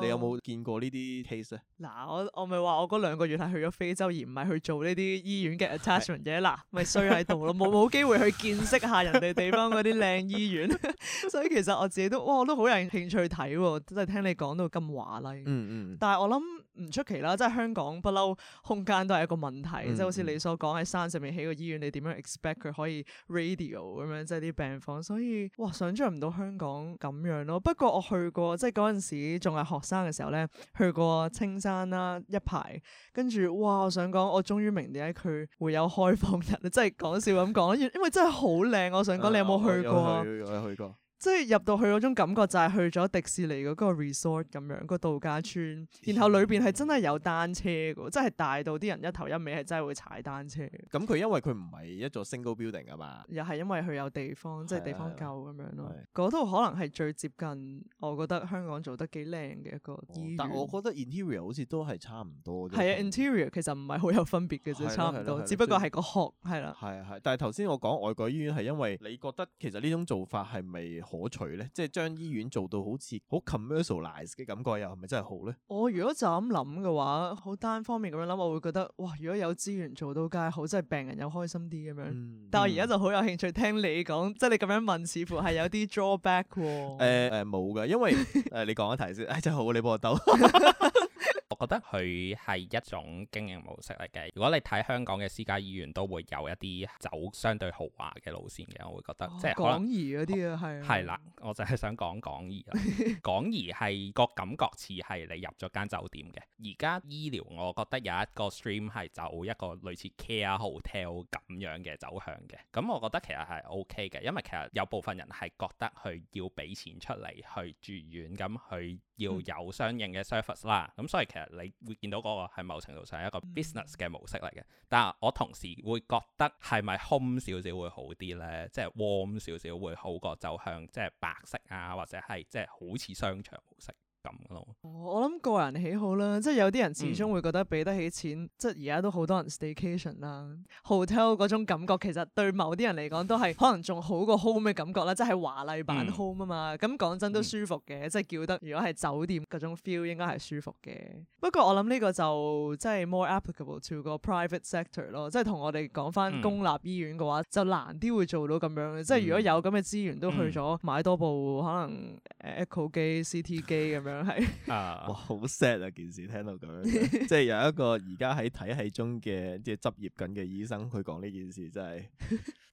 你有冇見過呢啲 case 咧？嗱，我我咪話我嗰兩個月係去咗非洲，而唔係去做呢啲醫院嘅 attachment 嘢是。嗱，咪衰喺度咯，冇冇 <laughs> 機會去見識下人哋地方嗰啲靚醫院， <laughs> 所以其實我自己都，哇，我都好有興趣睇喎，真係聽你講到咁華麗。嗯嗯，但係我諗唔出奇啦，即係香港不嬲空間都係一個問題，嗯嗯，即係好似你所講喺山上面起個醫院，你點樣 expect 佢可以 radio 咁樣，即係啲病房，所以哇，想像唔到香港咁樣咯。不過我去過，即係嗰陣時仲。學生嘅時候咧，去過青山啦、啊、一排，跟住哇，我想講我終於明點解佢會有開放日啦， <laughs> 真係講笑咁講，因為真係好靚。我想講，你有冇去過啊？即係入到去嗰種感覺，就係去咗迪士尼嗰個 resort 咁樣個度假村，然後裏邊係真係有單車嘅，真係大到啲人一頭一尾係真係會踩單車，嗯。咁、嗯、佢因為佢唔係一座 single building 啊嘛，又係因為佢有地方，即係地方夠咁樣咯。嗰度對可能係最接近，我覺得香港做得幾靚嘅一個醫院，哦。但係我覺得 interior 好似都係差唔多。係啊對，interior 其實唔係好有分別嘅啫，對對對對對差唔多，對對對只不過係個殼係啦。係係，但係頭先我講外國醫院係因為你覺得其實呢種做法係咪可取咧，即係將醫院做到好似好 commercialised 嘅感覺又，又係咪真係好咧？我如果就咁諗嘅話，好單方面咁樣諗，我會覺得哇！如果有資源做到咁好，即係病人又開心啲咁樣。嗯、但係我而家就好有興趣聽你講，嗯、即係你咁樣問，似乎係有啲 drawback 喎、啊。誒冇㗎，因為誒、呃、你講一題先，誒、 <laughs> 哎、真係好，你幫我鬥。 <laughs> 覺得佢係一種經營模式嚟嘅。如果你睇香港嘅私家醫院，都會有一啲走相對豪華嘅路線嘅。我會覺得、哦、即係港怡嗰啲啊，係好。係啦、嗯，我就係想講港怡啦。 <laughs> 港怡係個感覺似係你入咗間酒店嘅。而家醫療我覺得有一個 stream 係走一個類似 care hotel 咁樣嘅走向嘅。咁我覺得其實係 OK 嘅，因為其實有部分人係覺得佢要俾錢出嚟去住院，咁佢要有相應嘅 service 啦。咁、嗯、所以其實你會見到嗰個係某程度上係一個 business 嘅模式嚟嘅，但係我同時會覺得係咪空少少會好啲呢？即係 warm 少少會好過走向即係白色啊，或者係即係好似商場模式。哦、我諗個人喜好啦，即係有啲人始終會覺得俾得起錢，嗯、即係而家都好多人 staycation 啦，hotel 嗰種感覺其實對某啲人嚟講都係可能仲好過 home 嘅感覺啦，嗯、即係華麗版 home 啊嘛。咁講、嗯、真都舒服嘅，嗯、即係叫得如果係酒店嗰種 feel 應該係舒服嘅。不過我諗呢個就即係 more applicable to 個 private sector 咯，即係同我哋講翻公立醫院嘅話、嗯、就難啲會做到咁樣，嗯、即係如果有咁嘅資源都去咗買多部、嗯、可能 echo 機、CT 機咁樣。 <laughs> 係啊， <laughs> 哇，好 sad 啊！件事聽到咁樣， <laughs> 即係有一個而家喺體系中嘅，即係執業緊嘅醫生，佢講呢件事真係。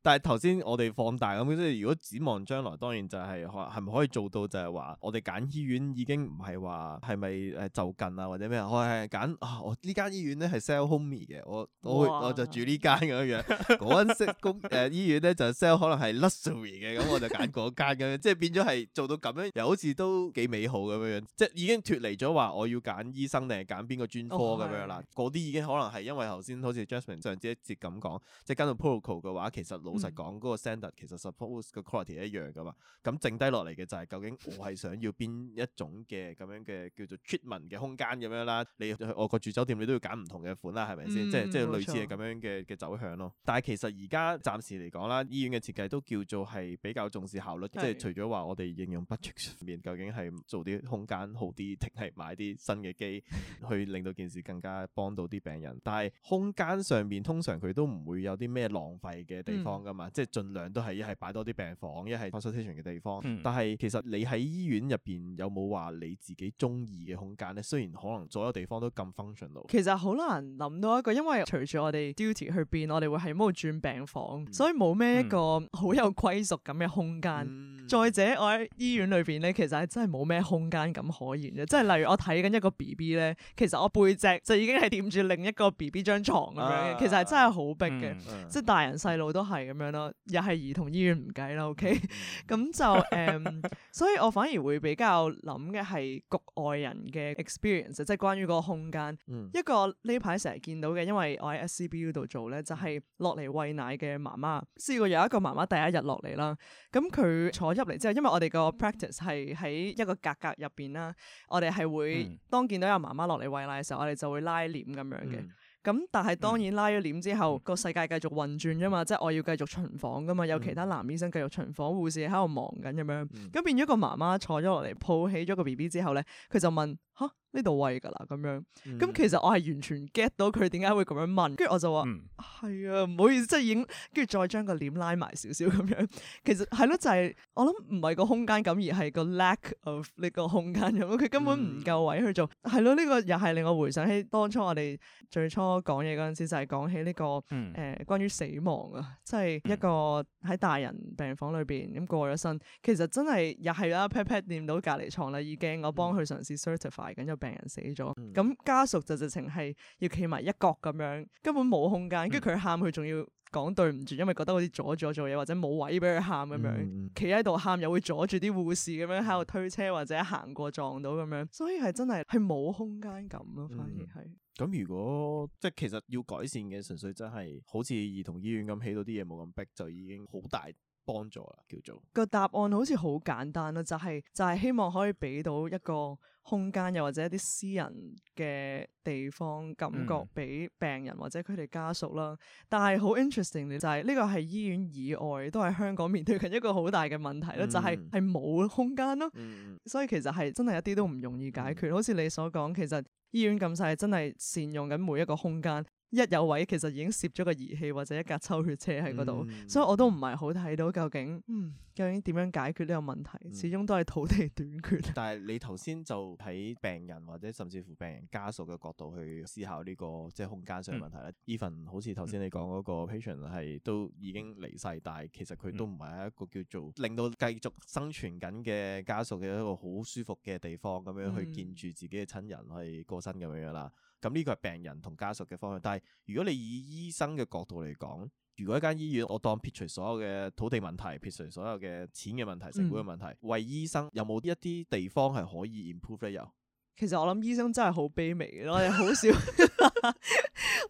但係頭先我哋放大咁，即係如果展望將來，當然就係話係咪可以做到就係話，我哋揀醫院已經唔係話係咪就近啊，或者咩？我係揀啊，我呢間醫院咧係 sell homey 嘅，我我我就住呢間咁樣樣。嗰間哇 公誒、 <laughs> 呃、醫院咧就 sell 可能係 luxury 嘅，咁我就揀嗰間咁樣， <laughs> 即係變咗係做到咁樣，又好似都幾美好咁樣樣。即係已經脫離咗話我要揀醫生定係揀邊個專科咁 Okay. 樣啦。嗰啲已經可能係因為頭先好似 Jasmine 上節一節咁講，即係跟到 protocol 嘅話其實老實講、嗯、個 standard 其實 suppose 個 quality 一樣噶嘛。咁剩低落嚟嘅就係、是、究竟我係想要邊一種嘅咁 <laughs> 樣嘅叫做 treatment 嘅空間咁樣啦。你去外國住酒店你都要揀唔同嘅款啦，係咪先？嗯、即係、嗯、即係類似係咁樣嘅嘅走向咯。嗯、錯但係其實而家暫時嚟講啦，醫院嘅設計都叫做係比較重視效率，對即係除咗話我哋應用 budget 上面究竟係做啲空間。揀好啲，定係買啲新嘅機去令到件事更加幫到啲病人。但係空間上面，通常佢都唔會有啲咩浪費嘅地方㗎嘛，嗯、即係儘量都係一係擺多啲病房，一係 function 嘅地方。嗯、但係其實你喺醫院入邊有冇話你自己中意嘅空間咧？雖然可能所有地方都咁 functional 其實好難諗到一個，因為隨住我哋 duty 去變，我哋會係度轉病房，嗯、所以冇咩一個好有歸屬感嘅空間。嗯、再者，我喺醫院裏邊咧，其實真係冇咩空間咁。咁可言嘅，即係例如我睇緊一個 B B 咧，其實我背脊就已經係掂住另一個 B B 張床咁樣嘅，啊、其實係真係好逼嘅，嗯、即係大人細路都係咁樣咯，又係兒童醫院唔計啦，OK，咁 <laughs> 就誒，um, <laughs> 所以我反而會比較諗嘅係局外人嘅 experience，即係關於個空間，嗯、一個呢排成日見到嘅，因為我喺 S C B U 度做咧，就係落嚟餵奶嘅媽媽，試過有一個媽媽第一日落嚟啦，咁佢坐入嚟之後，因為我哋個 practice 係喺一個格格入邊。啦，我哋係會、嗯、當見到有媽媽落嚟餵奶嘅時候，我哋就會拉簾咁樣嘅。咁、嗯、但係當然拉咗簾之後，個、嗯、世界繼續運轉啫嘛，即係我要繼續巡房噶嘛，嗯、有其他男醫生繼續巡房，護士喺度忙緊咁樣，咁、嗯、變咗個媽媽坐咗落嚟抱起咗個 BB 之後咧，佢就問，吓，呢度位㗎喇咁樣，咁、嗯、其實我係完全 get 到佢點解會咁樣問，跟住我就話係啊，唔、嗯哎、好意思，即係已經跟住再將個簾拉埋少少咁樣。其實係咯，就係、是、我諗唔係個空間感，而係個 lack of 呢個空間感，佢根本唔夠位去做。係咯、嗯，呢、這個又係令我回想起當初我哋最初講嘢嗰陣時，就係、是、講起呢、這個誒、嗯呃、關於死亡啊，即係一個喺大人病房裏邊咁過咗身，其實真係又係啦 pat pat 掂到隔離床啦，已經我幫佢嘗試 certify。埋緊有病人死咗，咁、嗯、家屬就直情係要企埋一角咁樣，根本冇空間。跟住佢喊，佢仲要講對唔住，因為覺得好似阻咗做嘢或者冇位俾佢喊咁樣，企喺度喊，又會阻住啲護士咁樣喺度推車或者行過撞到咁樣，所以係真係，係冇空間感咯，反而係。咁、嗯、是如果即係其實要改善嘅，純粹真係好似兒童醫院咁起到啲嘢冇咁逼，就已經好大。幫助啦，叫做個答案好似好簡單咯，就係、就係、希望可以俾到一個空間，又或者一啲私人嘅地方，感覺俾病人或者佢哋家屬啦。嗯、但係好 interesting 嘅就係呢個係醫院以外，都係香港面對緊一個好大嘅問題咯，就係係冇空間咯。嗯、所以其實係真係一啲都唔容易解決。嗯、好似你所講，其實醫院咁細，真係善用緊每一個空間。一有位，其實已經攝咗個儀器或者一架抽血車喺嗰度，嗯、所以我都唔係好睇到究竟、嗯、究竟點樣解決呢個問題。始終都係土地短缺。嗯、 <laughs> 但係你頭先就喺病人或者甚至乎病人家屬嘅角度去思考呢、呢個即係空間上嘅問題啦。依份、嗯、好似頭先你講嗰個 patient 係、嗯、都已經離世，但係其實佢都唔係一個叫做令到繼續生存緊嘅家屬嘅一個好舒服嘅地方，咁樣去見住自己嘅親人去過身咁樣啦。嗯。咁呢個係病人同家屬嘅方向，但係如果你以醫生嘅角度嚟講，如果一間醫院，我當撇除所有嘅土地問題，撇除所有嘅錢嘅問題、成本嘅問題，嗯、為醫生有冇一啲地方係可以 improve 呢？有，其實我諗醫生真係好卑微嘅， <laughs> 我哋們好少，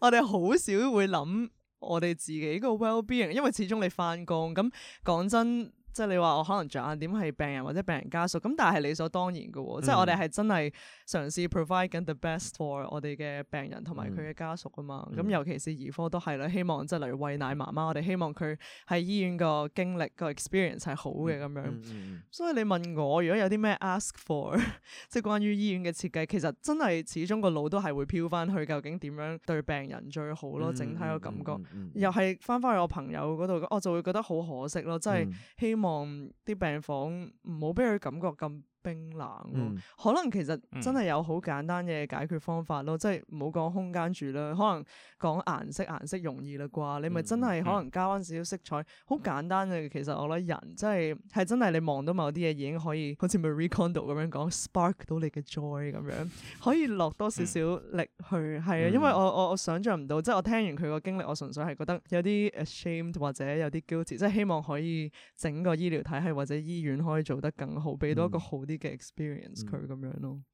<laughs> 我哋好少會諗我哋自己個 wellbeing，因為始終你返工，咁講真。即係你話我可能着眼點係病人或者病人家屬，咁但係理所當然嘅喎，嗯、即係我哋係真係嘗試 provide 緊 the best for 我哋嘅病人同埋佢嘅家屬啊嘛，咁、嗯、尤其是兒科都係啦，希望即係例如喂奶媽媽，我哋希望佢喺醫院經、那個經歷個 experience 係好嘅咁樣，嗯嗯嗯、所以你問我如果有啲咩 ask for，即係關於醫院嘅設計，其實真係始終個腦都係會飄翻去究竟點樣對病人最好咯，嗯、整體個感覺，嗯嗯嗯嗯、又係翻返去我朋友嗰度，我就會覺得好可惜咯，真係希望。望啲病房唔好俾佢感覺咁。冰冷、嗯、可能其實真係有好簡單嘅解決方法咯，嗯、即係唔好講空間住啦，可能講顏色，顏色容易啦啩，嗯、你咪真係可能加翻少少色彩，好、嗯、簡單嘅。其實我覺得人真係係真係你望到某啲嘢已經可以好似 Marie Kondo 咁樣講、嗯、spark 到你嘅 joy 咁樣，可以落多少少力去係啊、嗯。因為我我我，我想象唔到，即係我聽完佢個經歷，我純粹係覺得有啲 ashamed 或者有啲 guilty，即係希望可以整個醫療體系或者醫院可以做得更好，俾到一個好啲。experience 佢咁樣咯、嗯，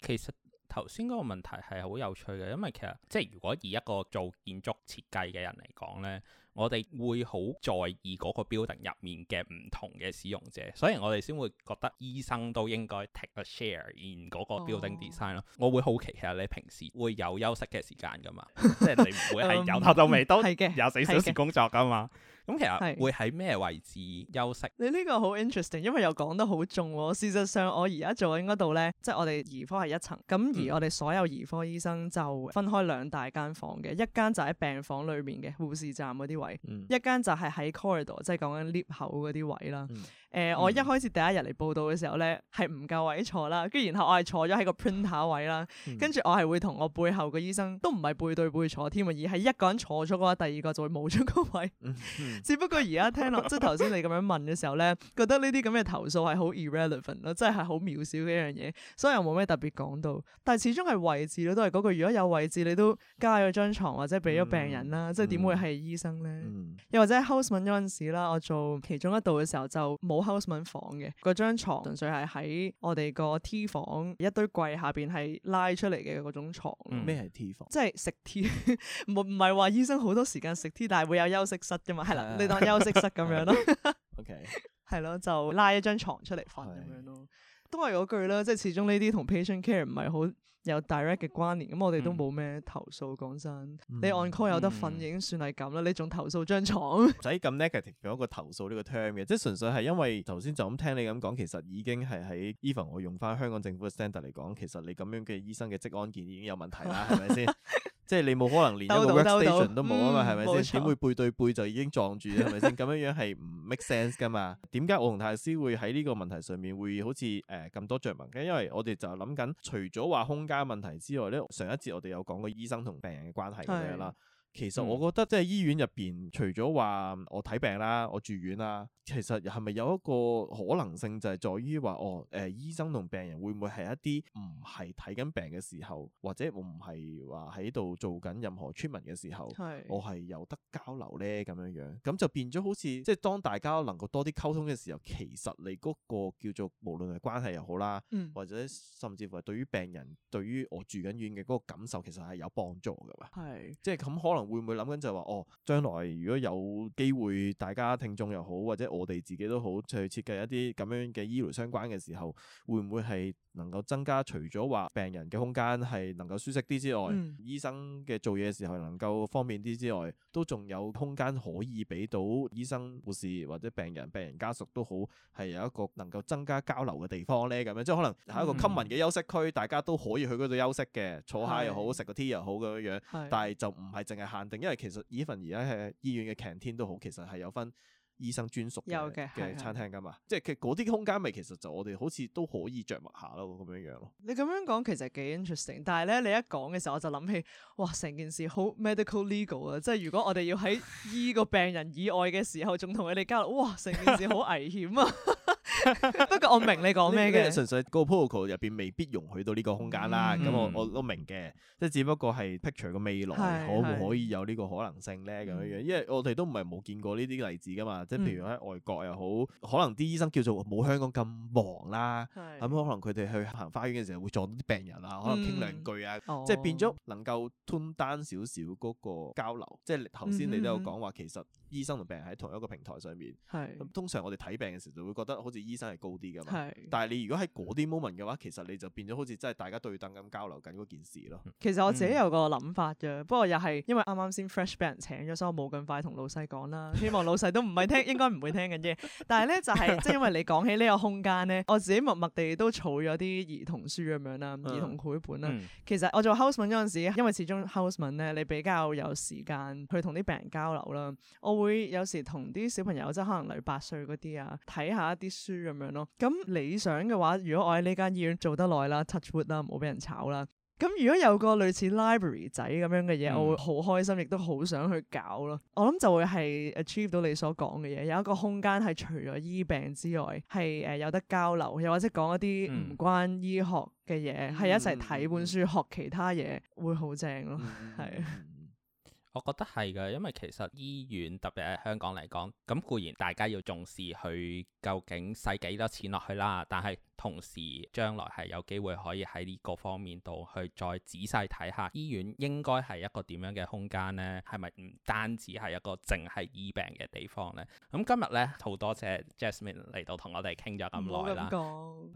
其實頭先嗰個問題係好有趣嘅，因為其實即係如果以一個做建築設計嘅人嚟講呢，我哋會好在意嗰個 building 入面嘅唔同嘅使用者，所以我哋先會覺得醫生都應該 take a share in 嗰個 building design 咯。哦、我會好奇其實你平時會有休息嘅時間噶嘛？ <laughs> 即係你唔會係由頭到尾都係嘅，嗯嗯、廿四小時工作噶嘛？ <laughs> <laughs> 咁其實會喺咩位置休息？你呢個好 interesting，因為又講得好重、啊。事實上，我而家做緊嗰度咧，即係我哋兒科係一層。咁而我哋所有兒科醫生就分開兩大間房嘅，一間就喺病房裏面嘅護士站嗰啲位，一間就係喺 corridor，即係講緊 lift 口嗰啲位啦。誒，我一開始第一日嚟報到嘅時候咧，係唔夠位坐啦，跟住然後我係坐咗喺個 printer 位啦，嗯、跟住我係會同我背後嘅醫生都唔係背對背坐添啊，而係一個人坐咗嘅話，第二個就會冇咗嗰位。嗯嗯只不過而家聽落， <laughs> 即係頭先你咁樣問嘅時候咧，覺得呢啲咁嘅投訴係好 irrelevant 咯，即係係好渺小嘅一樣嘢，所以又冇咩特別講到。但係始終係位置咯，都係嗰句，如果有位置，你都加咗張床或者俾咗病人啦，嗯、即係點會係醫生咧？嗯、又或者 houseman 嗰陣時啦，我做其中一度嘅時候就冇 houseman 房嘅，嗰張牀純粹係喺我哋個 T 房一堆櫃下邊係拉出嚟嘅嗰種牀。咩係 T 房？即係食 T，唔唔係話醫生好多時間食 T，但係會有休息室噶嘛？係啦。你當休息室咁樣咯 <laughs> ，OK，係咯，就拉一張床出嚟瞓咁樣咯，的都係嗰句啦，即係始終呢啲同 patient care 唔係好有 direct 嘅關聯，咁、嗯、我哋都冇咩投訴講真，嗯、你 on call 有得瞓、嗯、已經算係咁啦，你仲投訴張床？唔使咁 negative 一個投訴呢個 term 嘅，即係純粹係因為頭先就咁聽你咁講，其實已經係喺 even 我用翻香港政府嘅 standard 嚟講，其實你咁樣嘅醫生嘅職安建議已經有問題啦，係咪先？ <laughs> 即係你冇可能連一個 workstation 兜都冇啊嘛，係咪先？點會吧背對背就已經撞住咧？係咪先？咁樣樣係唔 make sense 噶嘛？點解 <laughs> 我同泰師會喺呢個問題上面會好似誒咁多著文嘅？因為我哋就諗緊，除咗話空間問題之外咧，上一節我哋有講過醫生同病人嘅關係咁樣啦。其實我覺得即係醫院入邊，除咗話我睇病啦，我住院啦，其實係咪有一個可能性就係在於話哦，誒、呃，醫生同病人會唔會係一啲唔係睇緊病嘅時候，或者我唔係話喺度做緊任何 treatment 嘅時候，我係有得交流呢？」咁樣樣，咁就變咗好似即係當大家能夠多啲溝通嘅時候，其實你嗰個叫做無論係關係又好啦，嗯、或者甚至乎係對於病人對於我住緊院嘅嗰個感受，其實係有幫助噶嘛，嗯、即係咁可能。可能會唔會諗緊就係話哦？將來如果有機會，大家聽眾又好，或者我哋自己都好，就去設計一啲咁樣嘅醫療相關嘅時候，會唔會係能夠增加除咗話病人嘅空間係能夠舒適啲之外，嗯、醫生嘅做嘢時候能夠方便啲之外，都仲有空間可以俾到醫生、護士或者病人、病人家屬都好，係有一個能夠增加交流嘅地方咧？咁樣即係可能係一個親民嘅休息區，大家都可以去嗰度休息嘅，坐下又好，食個 tea 又好咁樣是樣，但係就唔係淨係。限定，因為其實依份而家係醫院嘅 canteen 都好，其實係有分醫生專屬嘅嘅餐廳㗎嘛，即係佢嗰啲空間咪其實就我哋好似都可以着墨下咯，咁樣樣咯。你咁樣講其實幾 interesting，但係咧你一講嘅時候我就諗起，哇，成件事好 medical legal 啊！即係如果我哋要喺醫個病人以外嘅時候，仲同佢哋交流，哇，成件事好危險啊.！ <laughs> 不過 <laughs> 我明你講咩嘅，純粹個 protocol 入邊未必容許到呢個空間啦。咁、嗯、我我都明嘅，即係只不過係 picture 個未來可唔可以有呢個可能性咧咁樣樣。是是因為我哋都唔係冇見過呢啲例子噶嘛，即係譬如喺外國又好，可能啲醫生叫做冇香港咁忙啦。咁是、嗯、可能佢哋去行花園嘅時候會撞到啲病人啊，可能傾兩句啊，即係、嗯、變咗能夠 turn down 少少嗰個交流。即係頭先你都有講話，其實。嗯嗯嗯醫生同病人喺同一個平台上面，咁是通常我哋睇病嘅時候就會覺得好似醫生係高啲㗎嘛。是但係你如果喺嗰啲 moment 嘅話，其實你就變咗好似真係大家對等咁交流緊嗰件事咯。其實我自己有個諗法㗎，嗯、不過又係因為啱啱先 fresh 俾人請咗，所以我冇咁快同老細講啦。希望老細都唔係聽， <laughs> 應該唔會聽緊啫。但係咧就係、是、即係因為你講起呢個空間咧， <laughs> 我自己默默地都儲咗啲兒童書咁樣啦，嗯、兒童繪本啦。嗯、其實我做 houseman 嗰陣時，因為始終 houseman 咧你比較有時間去同啲病人交流啦，我會有時同啲小朋友即係可能嚟八歲嗰啲啊，睇下一啲書咁樣咯。咁理想嘅話，如果我喺呢間醫院做得耐啦，touch wood 啦，冇俾人炒啦。咁如果有個類似 library 仔咁樣嘅嘢，嗯、我會好開心，亦都好想去搞咯。我諗就會係 achieve 到你所講嘅嘢，有一個空間係除咗醫病之外，係誒有得交流，又或者講一啲唔關醫學嘅嘢，係、嗯、一齊睇本書學其他嘢，會好正咯，係、嗯。我覺得係㗎，因為其實醫院特別喺香港嚟講，咁固然大家要重視佢究竟使幾多錢落去啦，但係，同時將來係有機會可以喺呢個方面度去再仔細睇下，醫院應該係一個點樣嘅空間咧？係咪唔單止係一個淨係醫病嘅地方咧？咁今日咧，好多謝 Jasmin 嚟到，同我哋傾咗咁耐啦，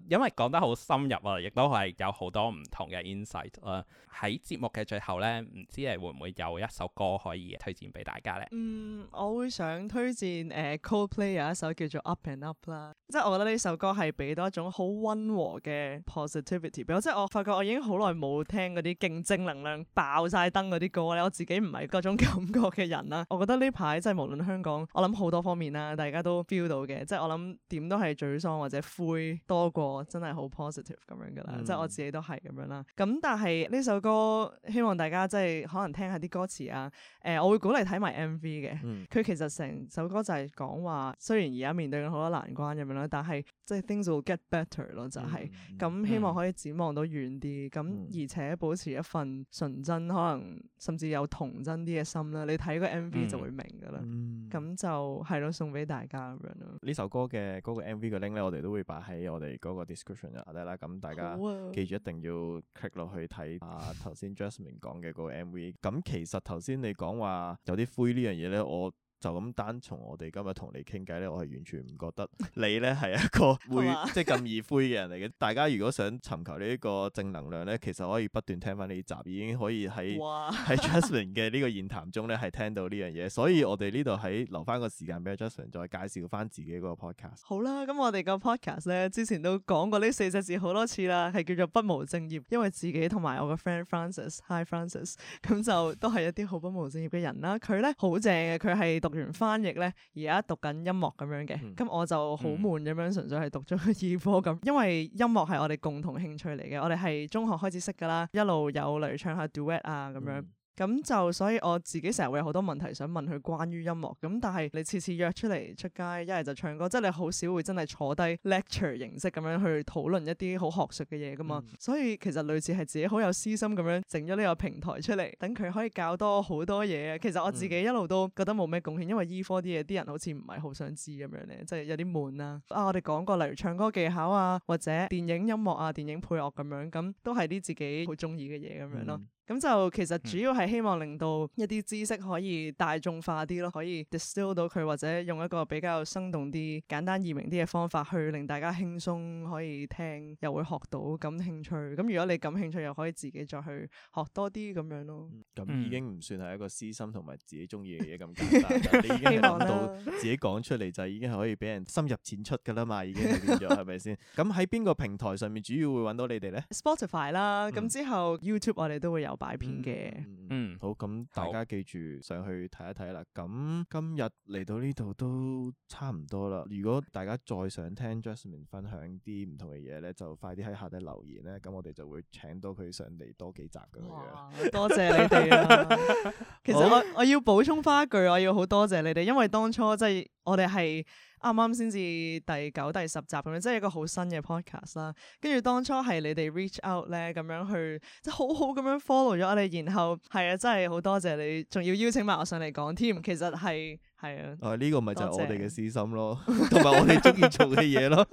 因為講得好深入啊，亦都係有好多唔同嘅 insight 啊，喺節目嘅最後咧，唔知係會唔會有一首歌可以推薦俾大家咧？嗯，我會想推薦誒、呃、Coldplay 有一首叫做 Up and Up 啦，即係我覺得呢首歌係俾到一種好。溫和嘅 positivity 俾我，即係我發覺我已經好耐冇聽嗰啲競爭能量爆晒燈嗰啲歌咧，我自己唔係嗰種感覺嘅人啦。我覺得呢排即係無論香港，我諗好多方面啦，大家都 feel 到嘅，即係我諗點都係沮喪或者灰多過真係好 positive 咁樣噶啦，嗯、即係我自己都係咁樣啦。咁但係呢首歌，希望大家即係可能聽下啲歌詞啊，誒、呃，我會鼓勵睇埋 MV 嘅。佢、嗯、其實成首歌就係講話，雖然而家面對緊好多難關咁樣啦，但係即係 things will get better。咯就係咁，嗯嗯、希望可以展望到遠啲，咁、嗯、而且保持一份純真，可能甚至有童真啲嘅心啦。嗯、你睇個 M V 就會明噶啦，咁、嗯、就係咯送俾大家咁樣咯、嗯。呢、嗯、樣首歌嘅嗰個 M V 嘅 link 咧，我哋都會擺喺我哋嗰個 description 下底啦。咁大家記住一定要 click 落去睇啊！頭先 Jasmine 講嘅個 M V，咁 <laughs> 其實頭先你講話有啲灰呢樣嘢咧，我。就咁單從我哋今日同你傾偈咧，我係完全唔覺得你咧係一個會 <laughs> 即係咁易灰嘅人嚟嘅。 <laughs> 大家如果想尋求呢一個正能量咧，其實可以不斷聽翻呢集，已經可以喺喺 Justin 嘅呢個言談中咧係聽到呢樣嘢。所以我哋呢度喺留翻個時間俾 Justin 再介紹翻自己嗰個 podcast。好啦，咁我哋個 podcast 咧之前都講過呢四隻字好多次啦，係叫做不務正業，因為自己同埋我個 friend f r a n c i s h i f r a n c i s 咁就都係一啲好不務正業嘅人啦。佢咧好正嘅，佢係讀完翻譯咧，而家讀緊音樂咁樣嘅，咁、嗯、我就好悶咁樣，純、嗯、粹係讀咗個醫科咁，因為音樂係我哋共同興趣嚟嘅，我哋係中學開始識噶啦，一路有嚟唱下 duet 啊咁樣。嗯咁就所以我自己成日會有好多問題想問佢關於音樂，咁但係你次次約出嚟，出街，一係就唱歌，即係你好少會真係坐低 lecture 形式咁樣去討論一啲好學術嘅嘢噶嘛，嗯、所以其實類似係自己好有私心咁樣整咗呢個平台出嚟，等佢可以教多好多嘢。其實我自己一路都覺得冇咩貢獻，因為醫科啲嘢啲人好似唔係好想知咁樣咧，即係有啲悶啦。啊，我哋講過例如唱歌技巧啊，或者電影音樂啊、電影配樂咁樣，咁都係啲自己好中意嘅嘢咁樣咯。嗯咁就其實主要係希望令到一啲知識可以大眾化啲咯，可以 distill 到佢，或者用一個比較生動啲、簡單易明啲嘅方法，去令大家輕鬆可以聽，又會學到感興趣。咁如果你感興趣，又可以自己再去學多啲咁樣咯。咁、嗯、已經唔算係一個私心同埋自己中意嘅嘢咁簡單， <laughs> 你已經講到自己講出嚟就已經係可以俾人深入淺出噶啦嘛，已經變咗係咪先？咁喺邊個平台上面主要會揾到你哋咧？Spotify 啦，咁之後 YouTube 我哋都會有。擺片嘅，嗯，嗯，好，咁大家記住上去睇一睇啦。咁好今日嚟到呢度都差唔多啦。如果大家再想聽 Jasmin 分享啲唔同嘅嘢咧，就快啲喺下底留言咧。咁我哋就會請到佢上嚟多幾集嘅。哇，多謝你哋、啊。 <laughs> 其實我我要補充翻一句，我要好多謝你哋，因為當初即係我哋係。啱啱先至第九、第十集咁樣，即係一個好新嘅 podcast 啦。跟住當初係你哋 reach out 咧，咁樣去即係好好咁樣 follow 咗我哋，然後係啊，真係好多謝你，仲要邀請埋我上嚟講添。其實係係啊。啊，呢個咪就係我哋嘅私心咯，同埋謝我哋中意做嘅嘢咯。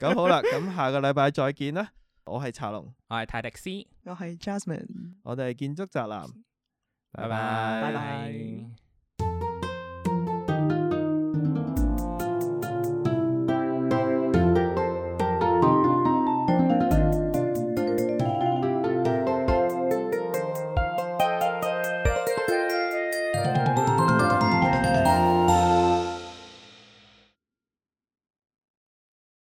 咁 <laughs> <laughs> 好啦，咁下個禮拜再見啦。我係茶龍，我係泰迪斯，我係 Jasmine，我哋係建築宅男，拜拜。拜拜。